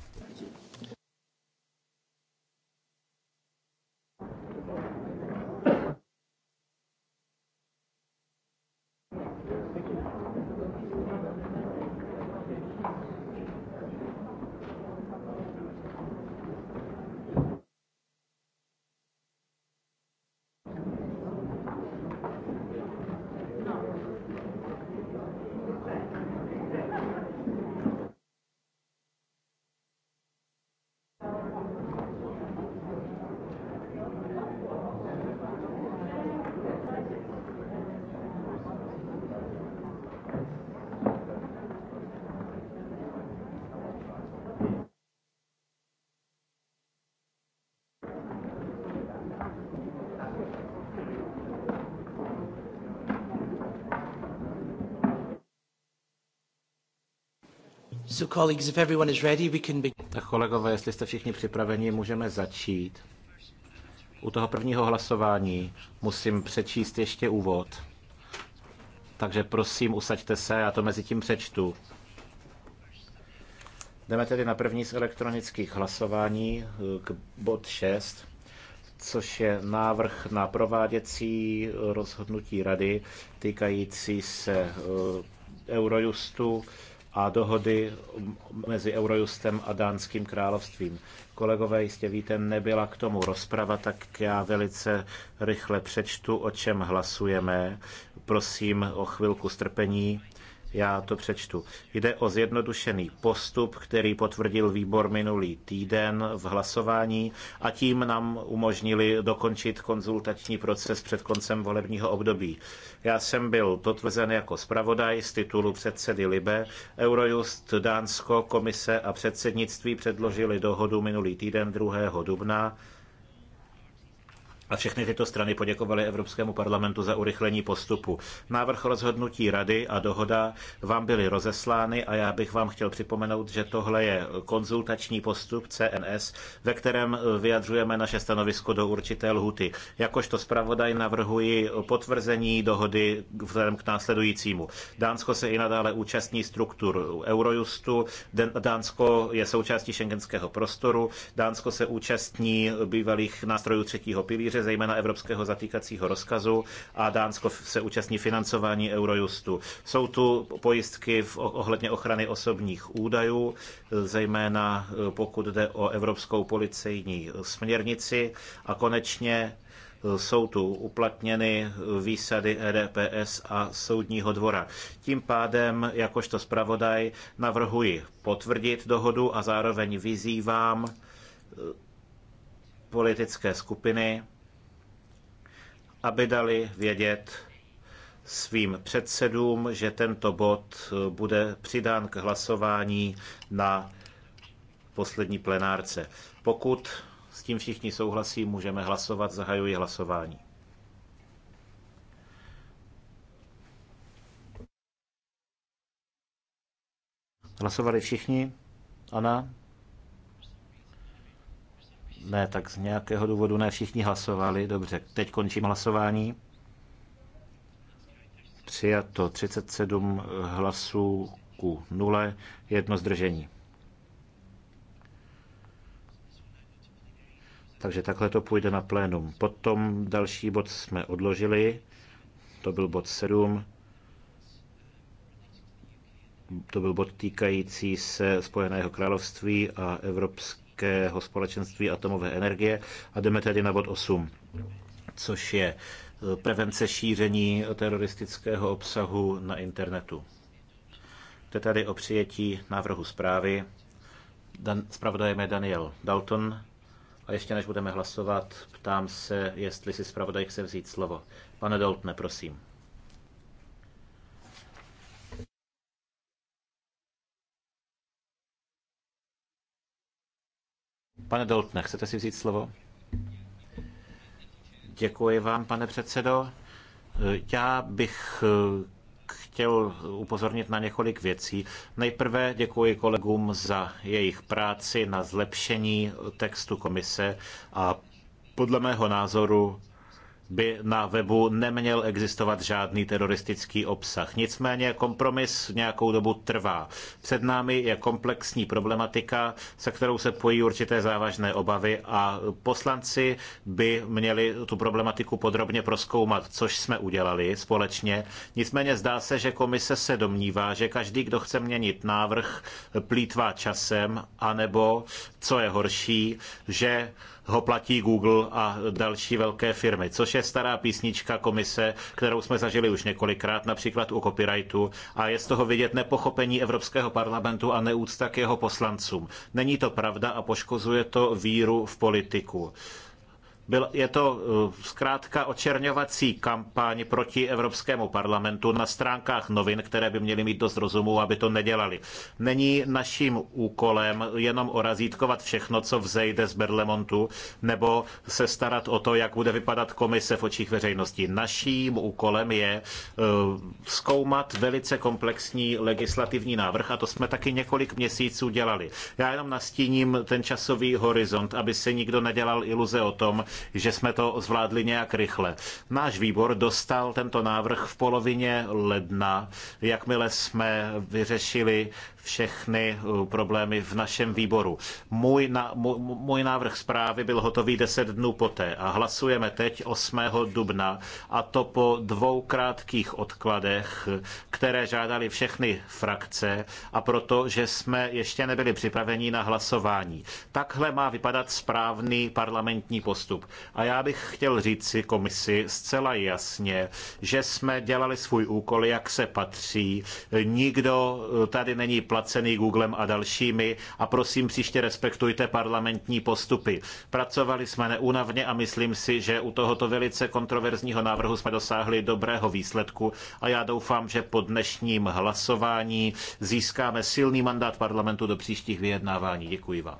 So colleagues, if everyone is ready, we can begin. Tak kolegové, jestli jste všichni připraveni, můžeme začít. U toho prvního hlasování musím přečíst ještě úvod. Takže prosím, usaďte se, já to mezi tím přečtu. Jdeme tedy na první z elektronických hlasování k bod 6 což je návrh na prováděcí rozhodnutí rady týkající se eh, Eurojustu a dohody mezi Eurojustem a Dánským královstvím. Kolegové, jistě víte, nebyla k tomu rozprava, tak já velice rychle přečtu, o čem hlasujeme. Prosím o chvilku strpení. Já to přečtu. Jde o zjednodušený postup, který potvrdil výbor minulý týden v hlasování a tím nám umožnili dokončit konzultační proces před koncem volebního období. Já jsem byl potvrzen jako zpravodaj z titulu předsedy Libe. Eurojust, Dánsko, komise a předsednictví předložili dohodu minulý týden 2. dubna a všechny tyto strany poděkovaly Evropskému parlamentu za urychlení postupu. Návrh rozhodnutí rady a dohoda vám byly rozeslány a já bych vám chtěl připomenout, že tohle je konzultační postup CNS, ve kterém eh, vyjadřujeme naše stanovisko do určité lhuty. Jakožto zpravodaj navrhuji potvrzení dohody vzhledem k následujícímu. Dánsko se i nadále účastní struktur Eurojustu, Dánsko je součástí šengenského prostoru, Dánsko se účastní bývalých nástrojů třetího pilíře, justice, zejména evropského zatýkacího rozkazu a Dánsko se účastní financování Eurojustu. Jsou tu pojistky v ohledně ochrany osobních údajů, zejména e, pokud jde o evropskou policejní e, směrnici a konečně e, jsou tu uplatněny výsady EDPS a Soudního dvora. Tím pádem, jakožto zpravodaj, navrhuji potvrdit dohodu a zároveň vyzývám politické skupiny, aby dali vědět svým předsedům, že tento bod eh, bude přidán k hlasování na poslední plenárce. Pokud s tím všichni souhlasí, můžeme hlasovat. Zahajuji hlasování. Hlasovali všichni? Ana? Ne, tak z nějakého důvodu ne všichni hlasovali. Dobře, teď končím hlasování. Přijato 37 hlasů ku 0, jedno zdržení. Takže takhle to půjde na plénum. Potom další bod jsme odložili, to byl bod 7. To byl bod týkající se Spojeného království a Evropské Evropského společenství atomové energie. A jdeme tedy na bod 8, což je eh, prevence šíření teroristického obsahu na internetu. Jde tady o přijetí návrhu zprávy. Zpravodajem je Daniel Dalton. A ještě než budeme hlasovat, ptám se, jestli si zpravodaj chce vzít slovo. Pane Daltone, prosím. Pane Doltne, chcete si vzít slovo? Děkuji vám, pane předsedo. Já bych eh, chtěl upozornit na několik věcí. Nejprve děkuji kolegům za jejich práci na zlepšení textu komise a podle mého názoru by na webu neměl existovat žádný teroristický obsah. Nicméně kompromis nějakou dobu trvá. Před námi je komplexní problematika, se kterou se pojí určité závažné obavy a poslanci by měli tu problematiku podrobně proskoumat, což jsme udělali společně. Nicméně zdá se, že komise se domnívá, že každý, kdo chce měnit návrh, plítvá časem, anebo, co je horší, že ho platí Google a další velké firmy, což je stará písnička komise, kterou jsme zažili už několikrát, například u copyrightu, a je z toho vidět nepochopení Evropského parlamentu a neúcta k jeho poslancům. Není to pravda a poškozuje to víru v politiku. Byl, je to uh, zkrátka očerňovací kampaň proti Evropskému parlamentu na stránkách novin, které by měly mít dost rozumu, aby to nedělali. Není naším úkolem jenom orazítkovat všechno, co vzejde z Berlemontu, nebo se starat o to, jak bude vypadat komise v očích veřejnosti. Naším úkolem je uh, zkoumat velice komplexní legislativní návrh a to jsme taky několik měsíců dělali. Já jenom nastíním ten časový horizont, aby se nikdo nedělal iluze o tom, že jsme to zvládli nějak rychle. Náš výbor dostal tento návrh v polovině ledna, jakmile jsme vyřešili všechny eh, problémy v našem výboru. Můj, na, můj návrh zprávy byl hotový 10 dnů poté a hlasujeme teď 8. dubna a to po dvou krátkých odkladech, které žádali všechny frakce a proto, že jsme ještě nebyli připraveni na hlasování. Takhle má vypadat správný parlamentní postup. A já bych chtěl říci komisi zcela jasně, že jsme dělali svůj úkol, jak se patří. Nikdo eh, tady není placený Googlem a dalšími a prosím příště respektujte parlamentní postupy. Pracovali jsme neúnavně a myslím si, že u tohoto velice kontroverzního návrhu jsme dosáhli dobrého výsledku a já doufám, že po dnešním hlasování získáme silný mandát parlamentu do příštích vyjednávání. Děkuji vám.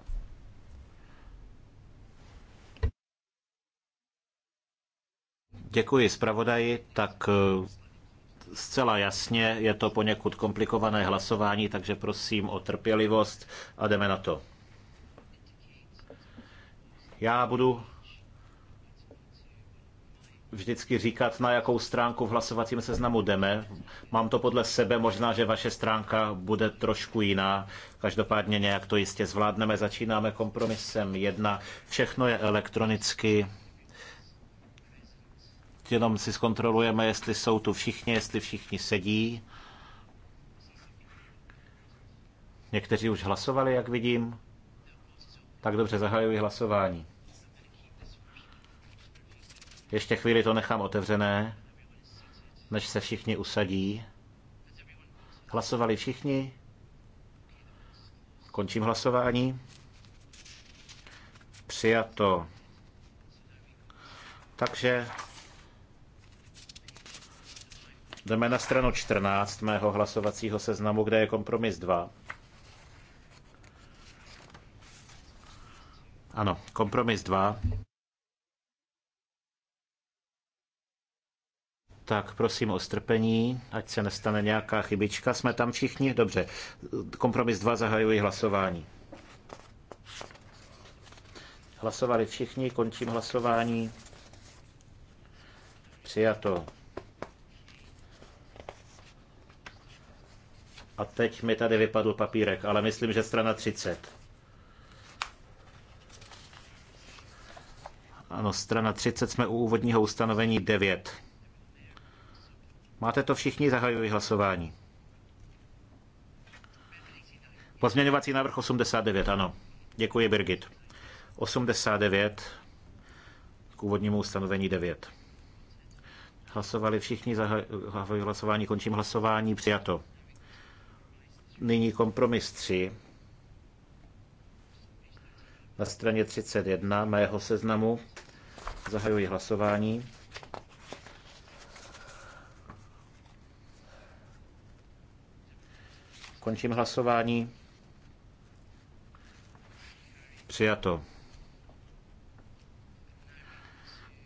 Děkuji zpravodaji, tak zcela jasně, je to poněkud komplikované hlasování, takže prosím o trpělivost a jdeme na to. Já budu vždycky říkat, na jakou stránku v hlasovacím seznamu jdeme. Mám to podle sebe, možná, že vaše stránka bude trošku jiná. Každopádně nějak to jistě zvládneme. Začínáme kompromisem jedna. Všechno je elektronicky jenom si zkontrolujeme, jestli jsou tu všichni, jestli všichni sedí. Někteří už hlasovali, jak vidím. Tak dobře, zahajuji hlasování. Ještě chvíli to nechám otevřené, než se všichni usadí. Hlasovali všichni. Končím hlasování. Přijato. Takže Jdeme na stranu 14 mého hlasovacího seznamu, kde je kompromis 2. Ano, kompromis 2. tak prosím o strpení, ať se nestane nějaká chybička. Jsme tam všichni? Dobře. Kompromis 2 zahajuji hlasování. Hlasovali všichni, končím hlasování. Přijato. A teď mi tady vypadl papírek, ale myslím, že strana 30. Ano, strana 30 jsme u úvodního ustanovení 9. Máte to všichni, zahajují hlasování. Pozměňovací návrh 89, ano. Děkuji, Birgit. 89 k úvodnímu ustanovení 9. Hlasovali všichni, zahajuji hlasování, končím hlasování, přijato. Nyní kompromis 3 na straně 31 mého seznamu. Zahajuji hlasování. Končím hlasování. Přijato.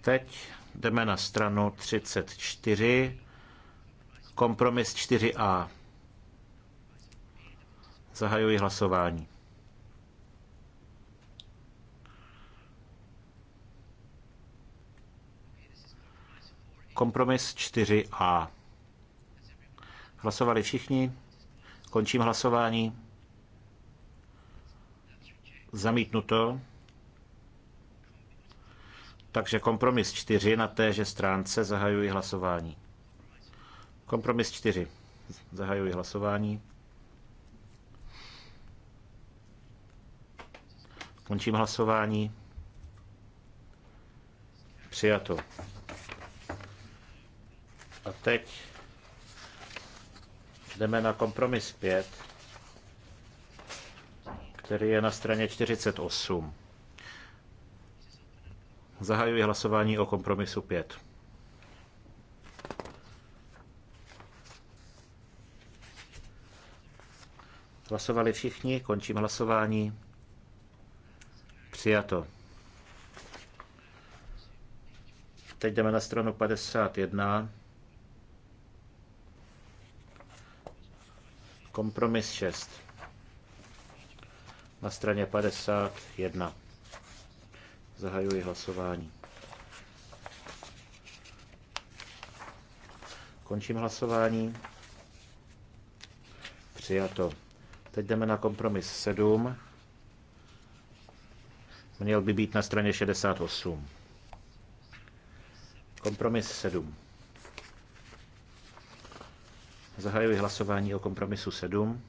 Teď jdeme na stranu 34, kompromis 4a. Zahajuji hlasování. Kompromis 4a. Hlasovali všichni. Končím hlasování. Zamítnuto. Takže kompromis 4 na téže stránce zahajuji hlasování. Kompromis 4. Zahajuji hlasování. Končím hlasování. Přijato. A teď jdeme na kompromis 5, který je na straně 48. Zahajuji hlasování o kompromisu 5. Hlasovali všichni, končím hlasování. Přijato. Teď jdeme na stranu 51. Kompromis 6. Na straně 51. Zahajuji hlasování. Končím hlasování. Přijato. Teď jdeme na kompromis 7. Měl by být na straně 68. Kompromis 7. Zahajuji hlasování o kompromisu 7.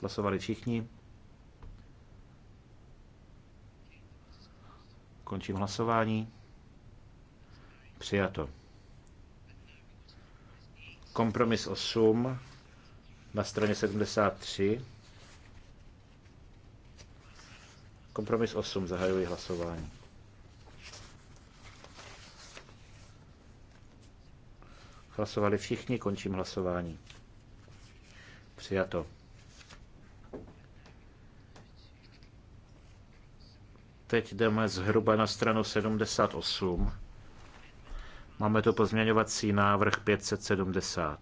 Hlasovali všichni. Končím hlasování. Přijato. Kompromis 8 na straně 73. Kompromis 8. Zahajuji hlasování. Hlasovali všichni, končím hlasování. Přijato. Teď jdeme zhruba na stranu 78. Máme tu pozměňovací návrh 570.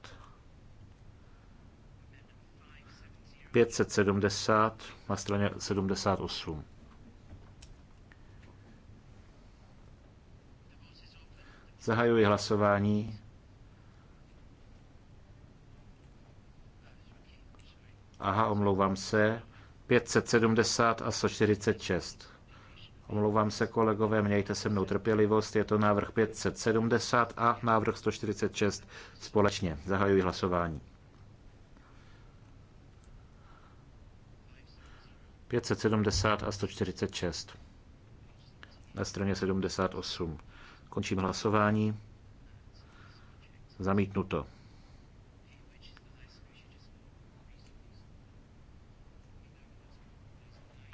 570 na straně 78. Zahajuji hlasování. Aha, omlouvám se. 570 a 146. Omlouvám se, kolegové, mějte se mnou trpělivost. Je to návrh 570 a návrh 146 společně. Zahajuji hlasování. 570 a 146. Na straně 78. Končím hlasování. Zamítnuto.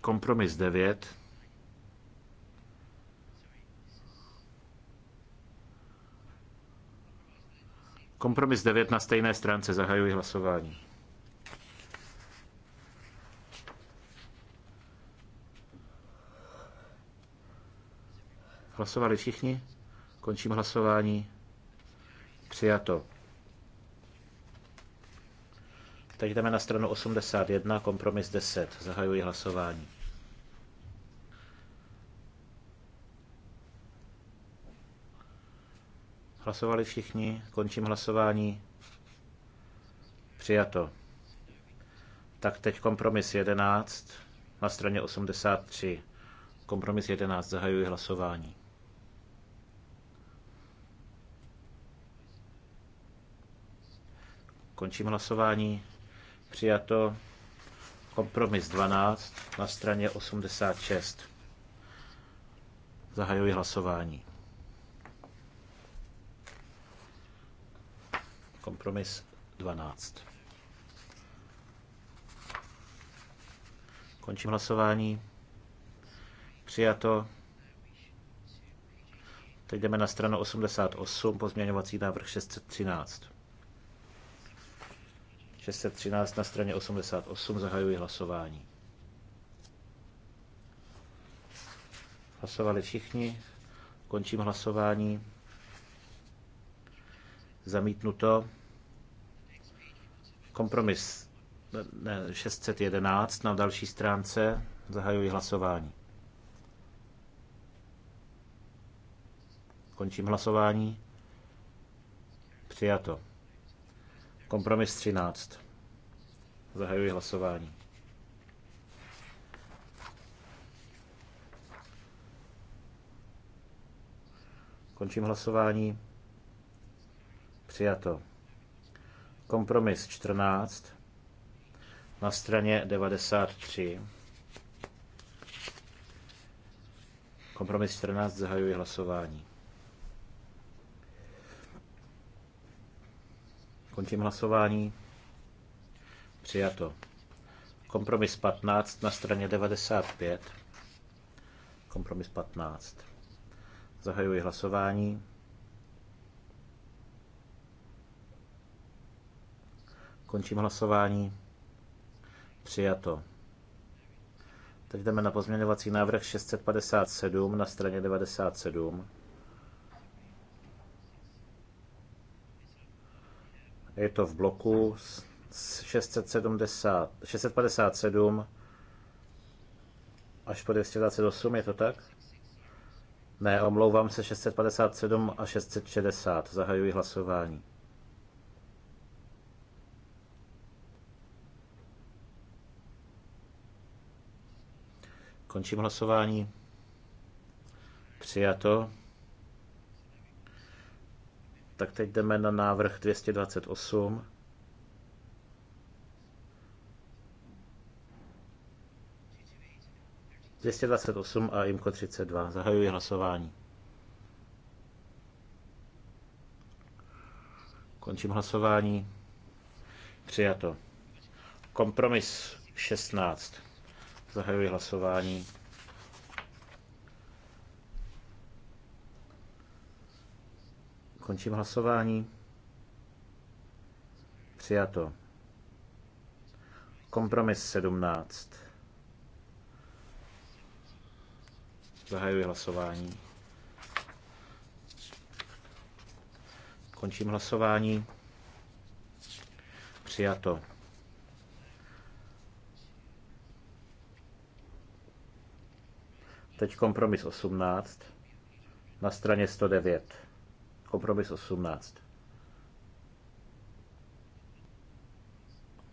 Kompromis 9. Kompromis 9 na stejné stránce. Zahajuji hlasování. Hlasovali všichni? Končím hlasování. Přijato. Teď jdeme na stranu 81, kompromis 10. Zahajuji hlasování. Hlasovali všichni, končím hlasování. Přijato. Tak teď kompromis 11 na straně 83. Kompromis 11, zahajuji hlasování. Končím hlasování. Přijato kompromis 12 na straně 86. Zahajuji hlasování. Kompromis 12. Končím hlasování. Přijato. Teď jdeme na stranu 88, pozměňovací návrh 613. 613 na straně 88 zahajuji hlasování. Hlasovali všichni. Končím hlasování. Zamítnuto. Kompromis 611 na další stránce. Zahajuji hlasování. Končím hlasování. Přijato. Kompromis 13. Zahajuji hlasování. Končím hlasování. Přijato. Kompromis 14 na straně 93. Kompromis 14 zahajuji hlasování. Končím hlasování. Přijato. Kompromis 15 na straně 95. Kompromis 15. Zahajuji hlasování. Končím hlasování. Přijato. Teď jdeme na pozměňovací návrh 657 na straně 97. Je to v bloku 670, 657 až po 228, je to tak? Ne, omlouvám se 657 a 660. Zahajuji hlasování. Končím hlasování. Přijato. Tak teď jdeme na návrh 228. ...228 a IMCO 32. Zahajuji hlasování. Končím hlasování. Přijato. Kompromis 16. Zahajuji hlasování. Končím hlasování. Přijato. Kompromis 17. Zahajuji hlasování. Končím hlasování. Přijato. Teď kompromis 18 na straně 109. Kompromis 18.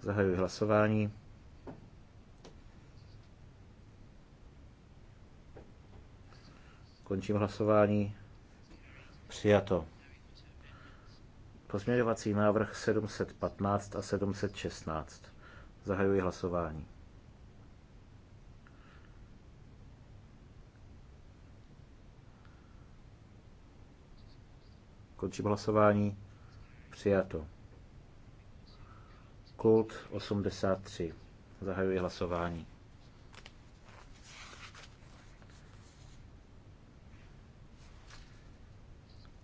Zahajuji hlasování. Končím hlasování. Přijato. Pozměňovací návrh 715 a 716. Zahajuji hlasování. Končím hlasování. Přijato. Kult 83. Zahajuji hlasování.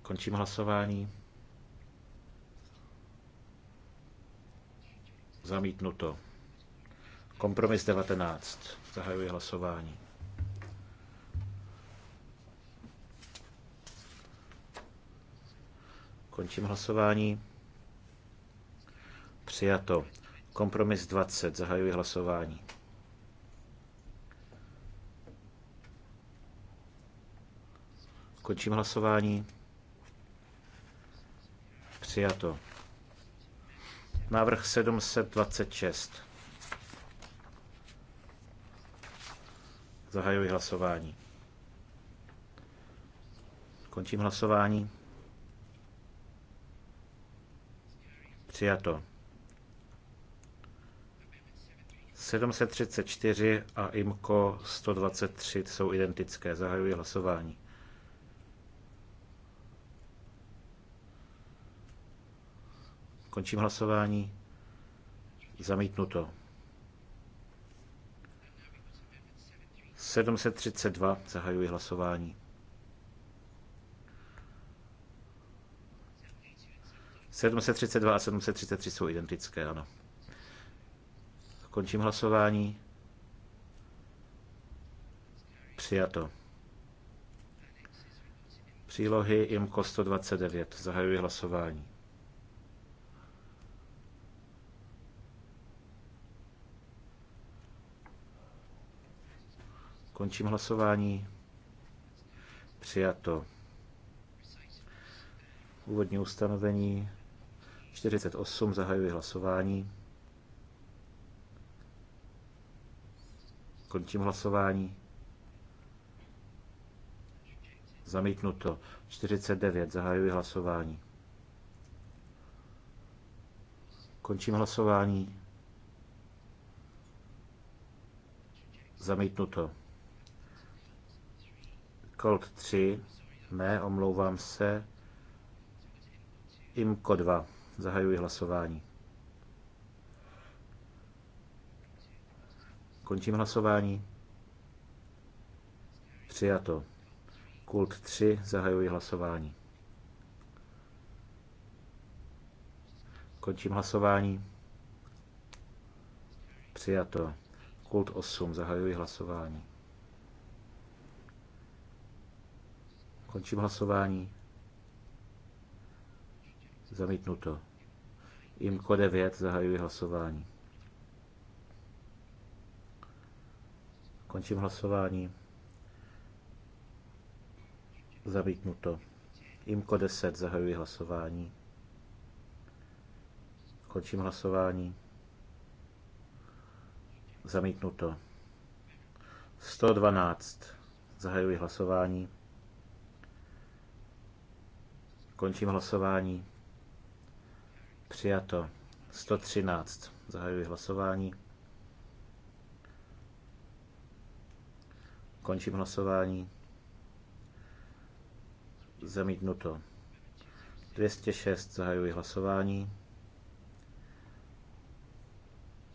Končím hlasování. Zamítnuto. Kompromis 19. Zahajuji hlasování. Končím hlasování. Přijato. Kompromis 20. Zahajuji hlasování. Končím hlasování. Přijato. Návrh 726. Zahajuji hlasování. Končím hlasování. Přijato. 734 a IMCO 123 jsou identické. Zahajuji hlasování. Končím hlasování. Zamítnuto. 732. Zahajuji hlasování. 732 a 733 jsou identické, ano. Končím hlasování. Přijato. Přílohy IMCO 129. Zahajuji hlasování. Končím hlasování. Přijato. Úvodní ustanovení 48 zahajuji hlasování. Končím hlasování. Zamítnuto. 49 zahajuji hlasování. Končím hlasování. Zamítnuto. Colt 3. Ne, omlouvám se. Imko 2. Zahajuji hlasování. Končím hlasování. Přijato. Kult 3. Zahajuji hlasování. Končím hlasování. Přijato. Kult 8. Zahajuji hlasování. Končím hlasování. Zamítnuto. IMCO 9, zahajuji hlasování. Končím hlasování. Zamítnuto. IMCO 10, zahajuji hlasování. Končím hlasování. Zamítnuto. 112. Zahajuji hlasování. Končím hlasování. Přijato. 113. Zahajuji hlasování. Končím hlasování. Zamítnuto. 206. Zahajuji hlasování.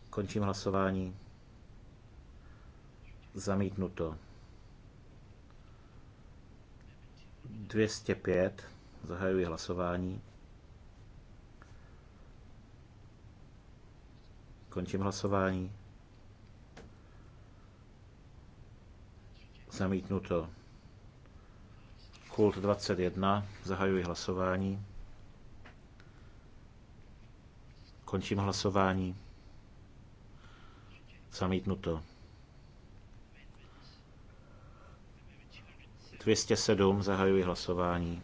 Končím hlasování. Zamítnuto. 205. Zahajuji hlasování. Končím hlasování. Zamítnuto. Kult 21. Zahajuji hlasování. Končím hlasování. Zamítnuto. 207. Zahajuji hlasování.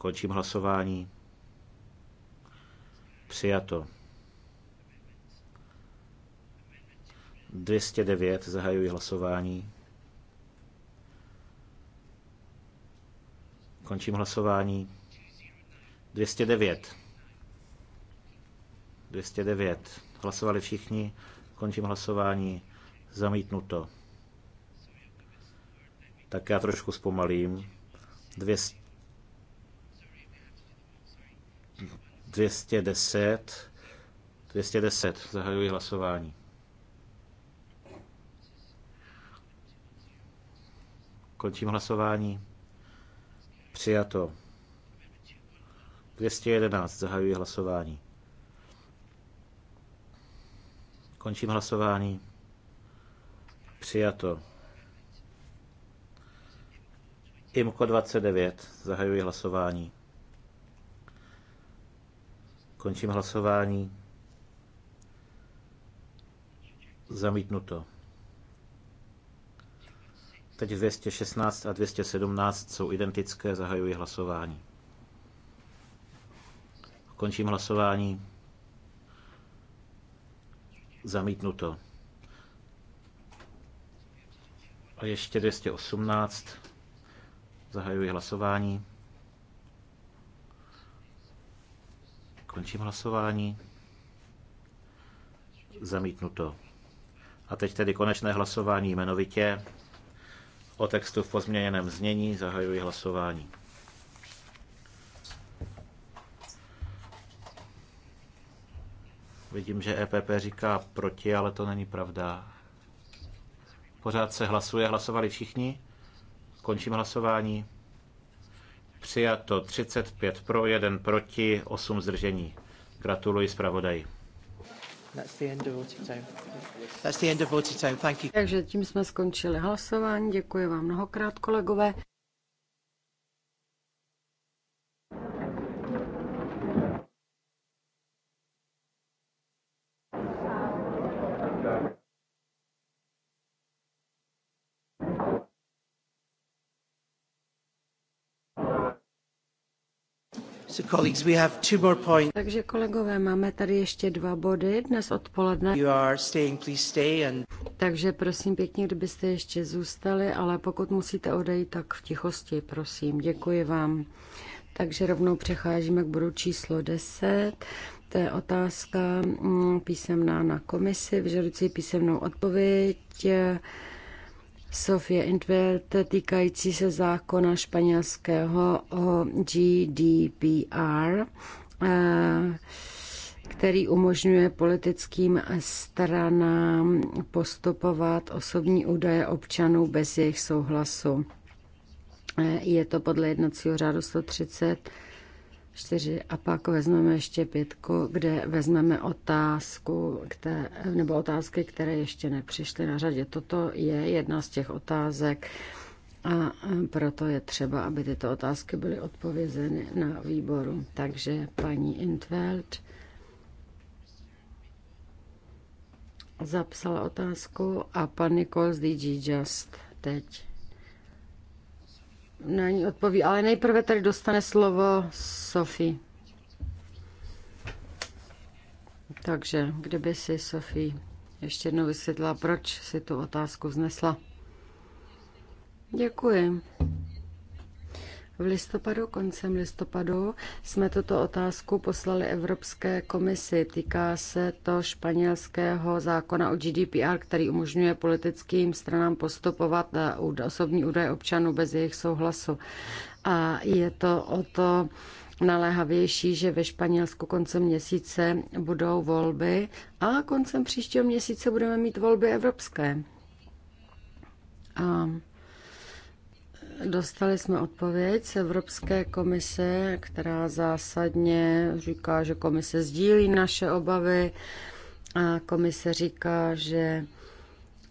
Končím hlasování. Přijato. 209. Zahajuji hlasování. Končím hlasování. 209. 209. Hlasovali všichni. Končím hlasování. Zamítnuto. Tak já trošku zpomalím. 200. 210. 210. Zahajuji hlasování. Končím hlasování. Přijato. 211. Zahajuji hlasování. Končím hlasování. Přijato. IMKO 29. Zahajuji hlasování. Končím hlasování. Zamítnuto. Teď 216 a 217 jsou identické, zahajuji hlasování. Končím hlasování. Zamítnuto. A ještě 218. Zahajuji hlasování. Končím hlasování. Zamítnuto. A teď tedy konečné hlasování jmenovitě o textu v pozměněném znění. Zahajuji hlasování. Vidím, že EPP říká proti, ale to není pravda. Pořád se hlasuje. Hlasovali všichni? Končím hlasování. Přijato 35 pro, 1 proti, 8 zdržení. Gratuluji zpravodaji. Takže tím jsme skončili hlasování. Děkuji vám mnohokrát, kolegové. Takže kolegové, máme tady ještě dva body dnes odpoledne. You are staying, please stay and... Takže prosím pěkně, kdybyste ještě zůstali, ale pokud musíte odejít, tak v tichosti, prosím. Děkuji vám. Takže rovnou přecházíme k bodu číslo 10. To je otázka mm, písemná na komisi, vyžadující písemnou odpověď Sofie Entwelt týkající se zákona španělského o GDPR, eh, který umožňuje politickým stranám postupovat osobní údaje občanů bez jejich souhlasu. Eh, je to podle jednacího řádu 130 čtyři a pak vezmeme ještě pětku, kde vezmeme otázku, které, nebo otázky, které ještě nepřišly na řadě. Toto je jedna z těch otázek a proto je třeba, aby tyto otázky byly odpovězeny na výboru. Takže paní Intveld zapsala otázku a pan Nikol z DG Just teď na ní odpoví. Ale nejprve tady dostane slovo Sofie. Takže kdyby si Sofie ještě jednou vysvětlila, proč si tu otázku znesla. Děkuji. V listopadu, koncem listopadu, jsme tuto otázku poslali Evropské komisi. Týká se to španělského zákona o GDPR, který umožňuje politickým stranám postupovat na osobní údaje občanů bez jejich souhlasu. A je to o to, naléhavější, že ve Španělsku koncem měsíce budou volby a koncem příštího měsíce budeme mít volby evropské. A Dostali jsme odpověď z Evropské komise, která zásadně říká, že komise sdílí naše obavy. A komise říká, že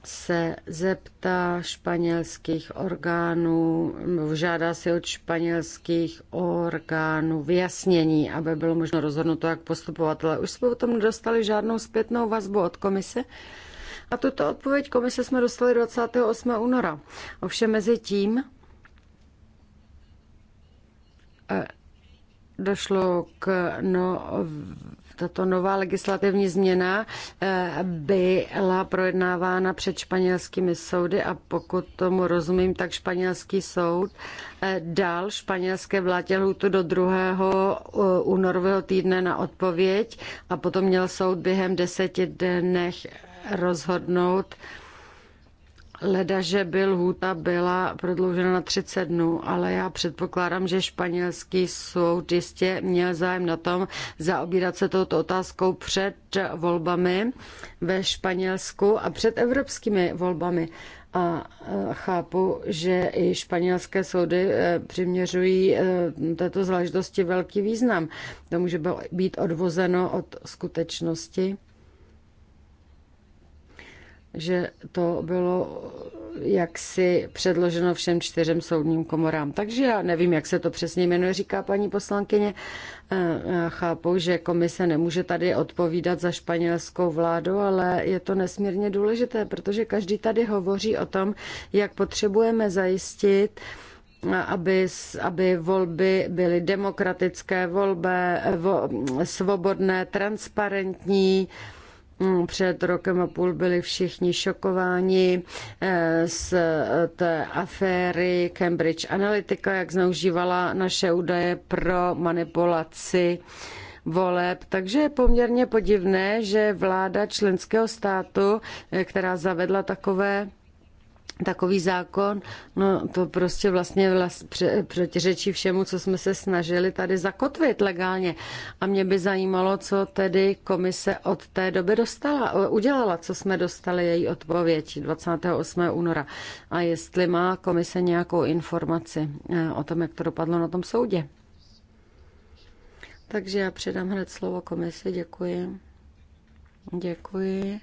se zeptá španělských orgánů, žádá si od španělských orgánů vyjasnění, aby bylo možno rozhodnuto, jak postupovat. Ale už jsme o tom nedostali žádnou zpětnou vazbu od komise. A tuto odpověď komise jsme dostali 28. února. Ovšem mezi tím Eh, došlo k no, tato nová legislativní změna eh, byla projednávána před španělskými soudy a pokud tomu rozumím, tak španělský soud eh, dal španělské vládě lhůtu do 2. únorového týdne na odpověď a potom měl soud během deseti dnech rozhodnout, Leda, že by lhůta byla prodloužena na 30 dnů, ale já předpokládám, že španělský soud jistě měl zájem na tom zaobírat se touto otázkou před volbami ve Španělsku a před evropskými volbami. A e, chápu, že i španělské soudy e, přiměřují e, této záležitosti velký význam. To může být odvozeno od skutečnosti že to bylo jaksi předloženo všem čtyřem soudním komorám. Takže já nevím, jak se to přesně jmenuje, říká paní poslankyně. Eh, chápu, že komise nemůže tady odpovídat za španělskou vládu, ale je to nesmírně důležité, protože každý tady hovoří o tom, jak potřebujeme zajistit, eh, aby, aby volby byly demokratické, volby, svobodné, transparentní, Mm, před rokem a půl byli všichni šokováni eh, z té aféry Cambridge Analytica, jak zneužívala naše údaje pro manipulaci voleb. Takže je poměrně podivné, že vláda členského státu, eh, která zavedla takové takový zákon, no to prostě vlastně vlast, protiřečí všemu, co jsme se snažili tady zakotvit legálně. A mě by zajímalo, co tedy komise od té doby dostala, udělala, co jsme dostali její odpověď 28. února. A jestli má komise nějakou informaci eh, o tom, jak to dopadlo na tom soudě. Takže já předám hned slovo komisi. Děkuji. Děkuji.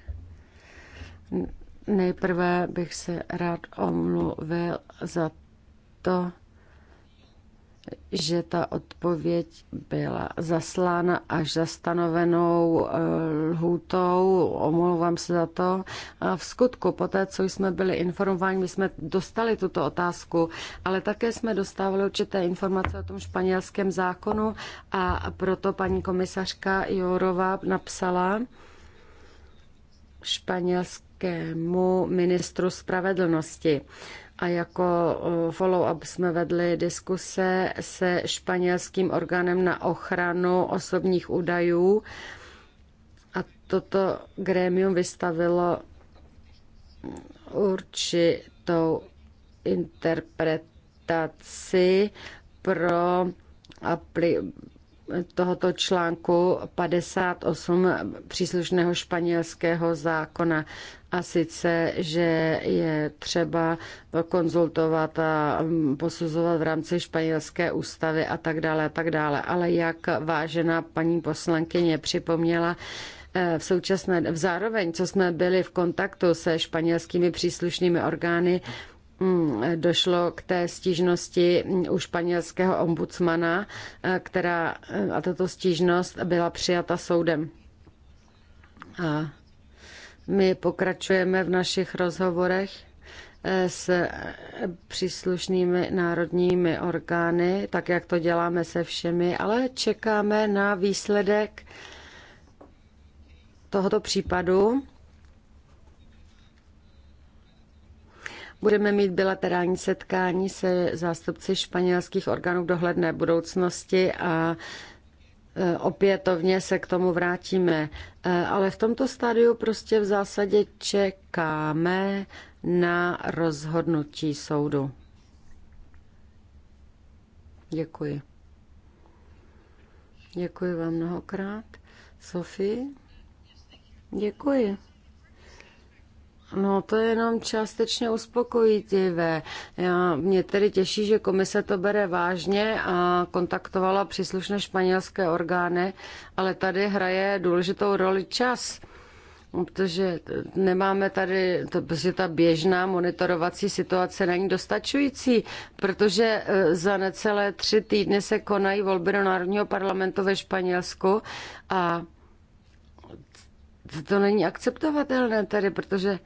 Nejprve bych se rád omluvil za to, že ta odpověď byla zaslána až za stanovenou eh, lhůtou. Omlouvám se za to. A v skutku, po té, co jsme byli informováni, my jsme dostali tuto otázku, ale také jsme dostávali určité informace o tom španělském zákonu a proto paní komisařka Jourová napsala španělský českému ministru spravedlnosti. A jako follow-up jsme vedli diskuse se španělským orgánem na ochranu osobních údajů. A toto grémium vystavilo určitou interpretaci pro apli- tohoto článku 58 příslušného španělského zákona. A sice, že je třeba konzultovat a posuzovat v rámci španělské ústavy a tak dále a tak dále. Ale jak vážená paní poslankyně připomněla, eh, v současné, v zároveň, co jsme byli v kontaktu se španělskými příslušnými orgány, Mm, došlo k té stížnosti u španělského ombudsmana, eh, která eh, a tato stížnost byla přijata soudem. A my pokračujeme v našich rozhovorech eh, s příslušnými národními orgány, tak jak to děláme se všemi, ale čekáme na výsledek tohoto případu Budeme mít bilaterální setkání se zástupci španělských orgánů v dohledné budoucnosti a e, opětovně se k tomu vrátíme. E, ale v tomto stádiu prostě v zásadě čekáme na rozhodnutí soudu. Děkuji. Děkuji vám mnohokrát. Sofie? Děkuji. No to je jenom částečně uspokojitivé. Já, mě tedy těší, že komise to bere vážně a kontaktovala příslušné španělské orgány, ale tady hraje důležitou roli čas protože nemáme tady, to, protože ta běžná monitorovací situace není dostačující, protože e, za necelé tři týdny se konají volby do Národního parlamentu ve Španělsku a to není akceptovatelné tady, protože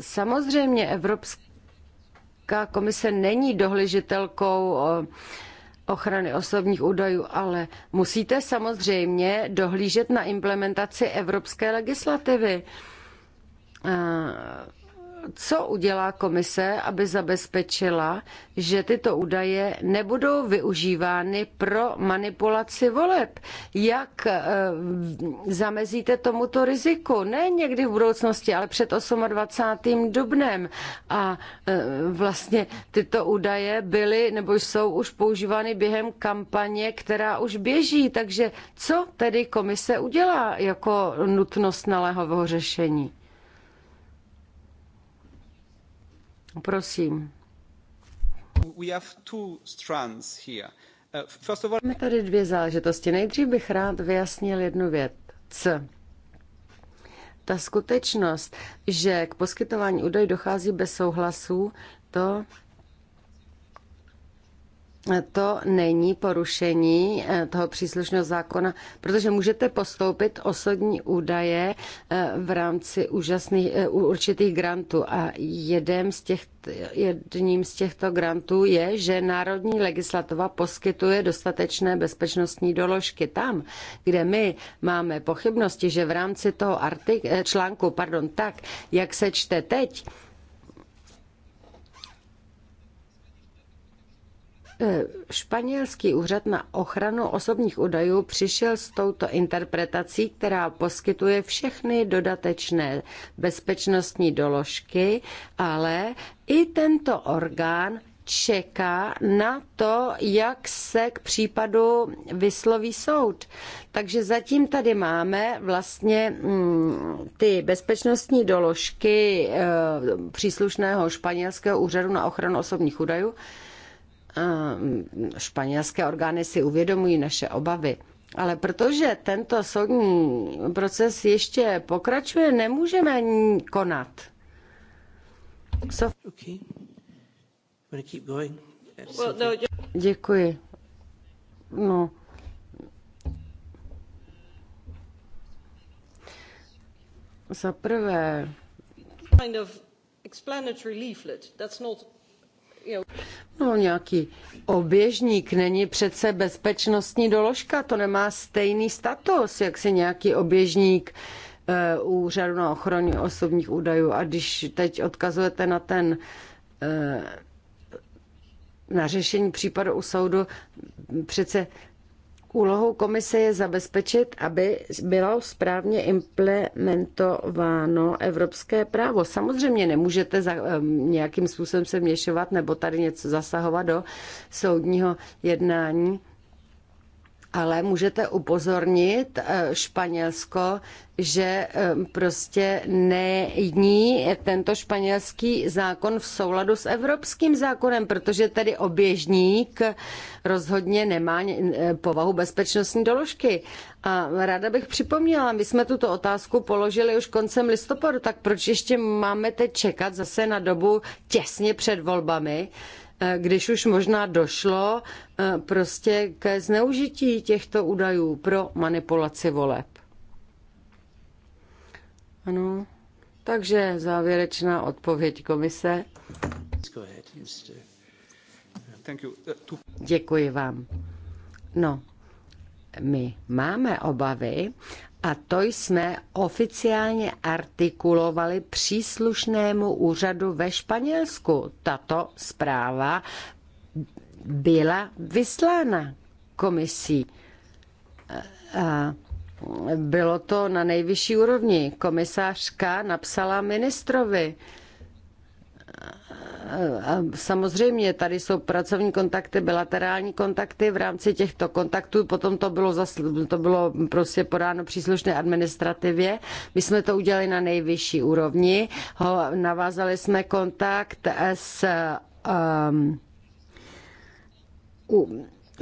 Samozřejmě Evropská komise není dohližitelkou eh, ochrany osobních údajů, ale musíte samozřejmě dohlížet na implementaci evropské legislativy. Eh, co udělá komise, aby zabezpečila, že tyto údaje nebudou využívány pro manipulaci voleb? Jak eh, zamezíte tomuto riziku? Ne někdy v budoucnosti, ale před 28. dubnem. A eh, vlastně tyto údaje byly nebo jsou už používány během kampaně, která už běží. Takže co tedy komise udělá jako nutnost naléhového řešení? Prosím. Uh, Máme tady dvě záležitosti. Nejdřív bych rád vyjasnil jednu věc. Ta skutečnost, že k poskytování údajů dochází bez souhlasu, to to není porušení eh, toho příslušného zákona, protože můžete postoupit osobní údaje eh, v rámci úžasných, eh, určitých grantů. A jedním z těch, jedním z těchto grantů je, že národní legislativa poskytuje dostatečné bezpečnostní doložky tam, kde my máme pochybnosti, že v rámci toho artik, článku, pardon, tak, jak se čte teď, E, španělský úřad na ochranu osobních údajů přišel s touto interpretací, která poskytuje všechny dodatečné bezpečnostní doložky, ale i tento orgán čeká na to, jak se k případu vysloví soud. Takže zatím tady máme vlastně mm, ty bezpečnostní doložky e, příslušného španělského úřadu na ochranu osobních údajů, Mm, španělské orgány si uvědomují naše obavy. Ale protože tento soudní proces ještě pokračuje, nemůžeme konat. So... Okay. Keep going. Well, no, Děkuji. No. Za prvé. Kind of explanatory leaflet. That's not No, nějaký oběžník není přece bezpečnostní doložka, to nemá stejný status, jak si nějaký oběžník eh, úřadu na ochranu osobních údajů. A když teď odkazujete na ten eh, na řešení případu u soudu, přece Úlohou komise je zabezpečit, aby bylo správně implementováno evropské právo. Samozřejmě nemůžete za, um, nějakým způsobem se měšovat nebo tady něco zasahovat do soudního jednání ale můžete upozornit eh, Španělsko, že eh, prostě není tento španělský zákon v souladu s evropským zákonem, protože tedy oběžník rozhodně nemá eh, povahu bezpečnostní doložky. A ráda bych připomněla, my jsme tuto otázku položili už koncem listopadu, tak proč ještě máme teď čekat zase na dobu těsně před volbami? Eh, když už možná došlo eh, prostě ke zneužití těchto údajů pro manipulaci voleb. Ano, takže závěrečná odpověď komise. Eh, Děkuji vám. No, my máme obavy a to jsme oficiálně artikulovali příslušnému úřadu ve Španělsku. Tato zpráva byla vyslána komisí. A bylo to na nejvyšší úrovni. Komisářka napsala ministrovi samozřejmě tady jsou pracovní kontakty, bilaterální kontakty. V rámci těchto kontaktů potom to bylo, zasl- to bylo prostě podáno příslušné administrativě. My jsme to udělali na nejvyšší úrovni. Ho, navázali jsme kontakt s um,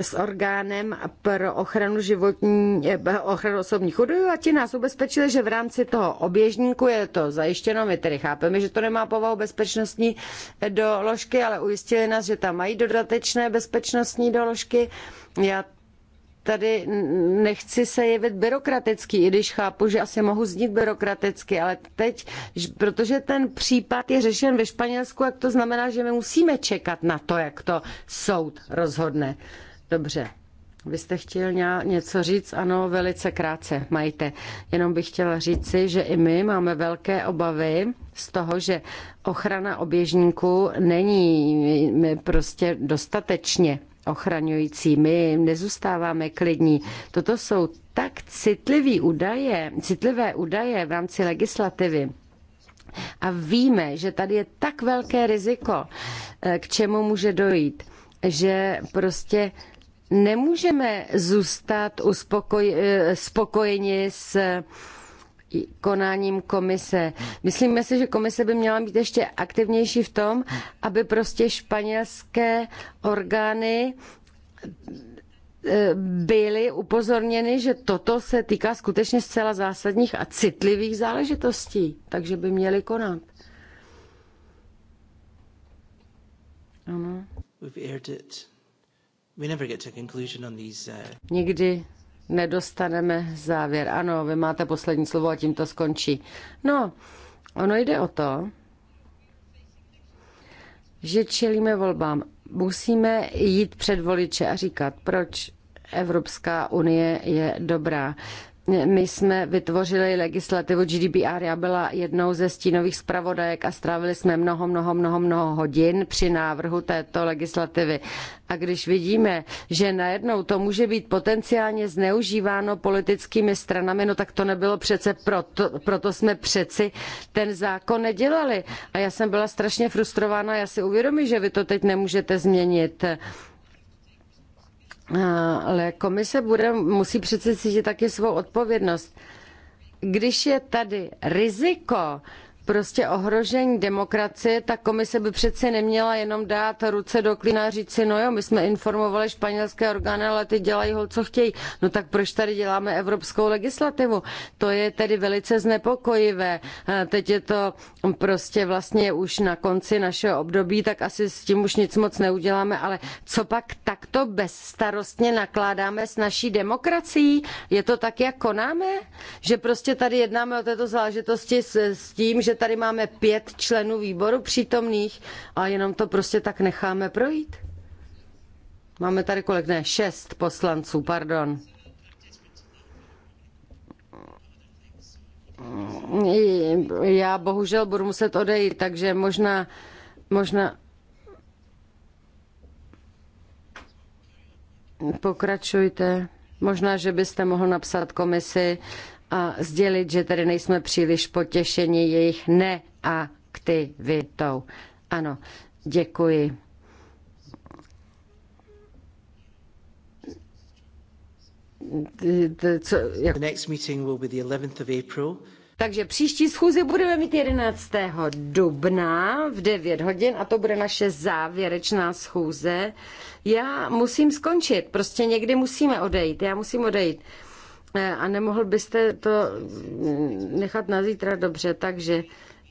s orgánem pro ochranu, životní, eh, ochranu osobních údajů a ti nás ubezpečili, že v rámci toho oběžníku je to zajištěno. My tedy chápeme, že to nemá povahu bezpečnostní eh, doložky, ale ujistili nás, že tam mají dodatečné bezpečnostní doložky. Já tady nechci se jevit byrokratický, i když chápu, že asi mohu znít byrokraticky, ale teď, protože ten případ je řešen ve Španělsku, jak to znamená, že my musíme čekat na to, jak to soud rozhodne. Dobře. Vy jste chtěl něco říct? Ano, velice krátce, majte. Jenom bych chtěla říci, že i my máme velké obavy z toho, že ochrana oběžníků není prostě dostatečně ochraňující. My nezůstáváme klidní. Toto jsou tak citlivý údaje, citlivé údaje v rámci legislativy. A víme, že tady je tak velké riziko, eh, k čemu může dojít, že prostě nemůžeme zůstat uspokoj, eh, spokojeni s eh, konáním komise. Myslíme si, že komise by měla být ještě aktivnější v tom, aby prostě španělské orgány eh, byly upozorněny, že toto se týká skutečně zcela zásadních a citlivých záležitostí, takže by měly konat. Ano. We've aired it. Uh, Nikdy nedostaneme závěr. Ano, vy máte poslední slovo a tím to skončí. No, ono jde o to, že čelíme volbám. Musíme jít před voliče a říkat, proč Evropská unie je dobrá. My jsme vytvořili legislativu GDPR, já byla jednou ze stínových zpravodajek a strávili jsme mnoho, mnoho, mnoho, mnoho hodin při návrhu této legislativy. A když vidíme, že najednou to může být potenciálně zneužíváno politickými stranami, no tak to nebylo přece proto, proto jsme přeci ten zákon nedělali. A já jsem byla strašně frustrována, já si uvědomuji, že vy to teď nemůžete změnit Eh, ale komise bude, musí přece cítit taky svou odpovědnost. Když je tady riziko, prostě ohrožení demokracie, tak komise by přece neměla jenom dát ruce do klína a říct si, no jo, my jsme informovali španělské orgány, ale ty dělají ho, co chtějí. No tak proč tady děláme evropskou legislativu? To je tedy velice znepokojivé. Eh, teď je to prostě vlastně už na konci našeho období, tak asi s tím už nic moc neuděláme, ale co pak takto bezstarostně nakládáme s naší demokracií? Je to tak, jak konáme? Že prostě tady jednáme o této záležitosti s, s tím, že že tady máme pět členů výboru přítomných a jenom to prostě tak necháme projít? Máme tady kolik? Ne, šest poslanců, pardon. Já bohužel budu muset odejít, takže možná, možná pokračujte. Možná, že byste mohl napsat komisi, a sdělit, že tady nejsme příliš potěšeni jejich neaktivitou. Ano, děkuji. Co, jak... Takže příští schůzi budeme mít 11. dubna v 9 hodin a to bude naše závěrečná schůze. Já musím skončit, prostě někdy musíme odejít, já musím odejít. Eh, a nemohl byste to nechat na zítra dobře, takže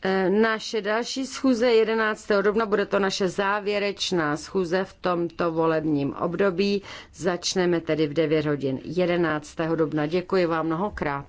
eh, naše další schůze 11. dubna bude to naše závěrečná schůze v tomto volebním období. Začneme tedy v 9 hodin 11. dubna. Děkuji vám mnohokrát.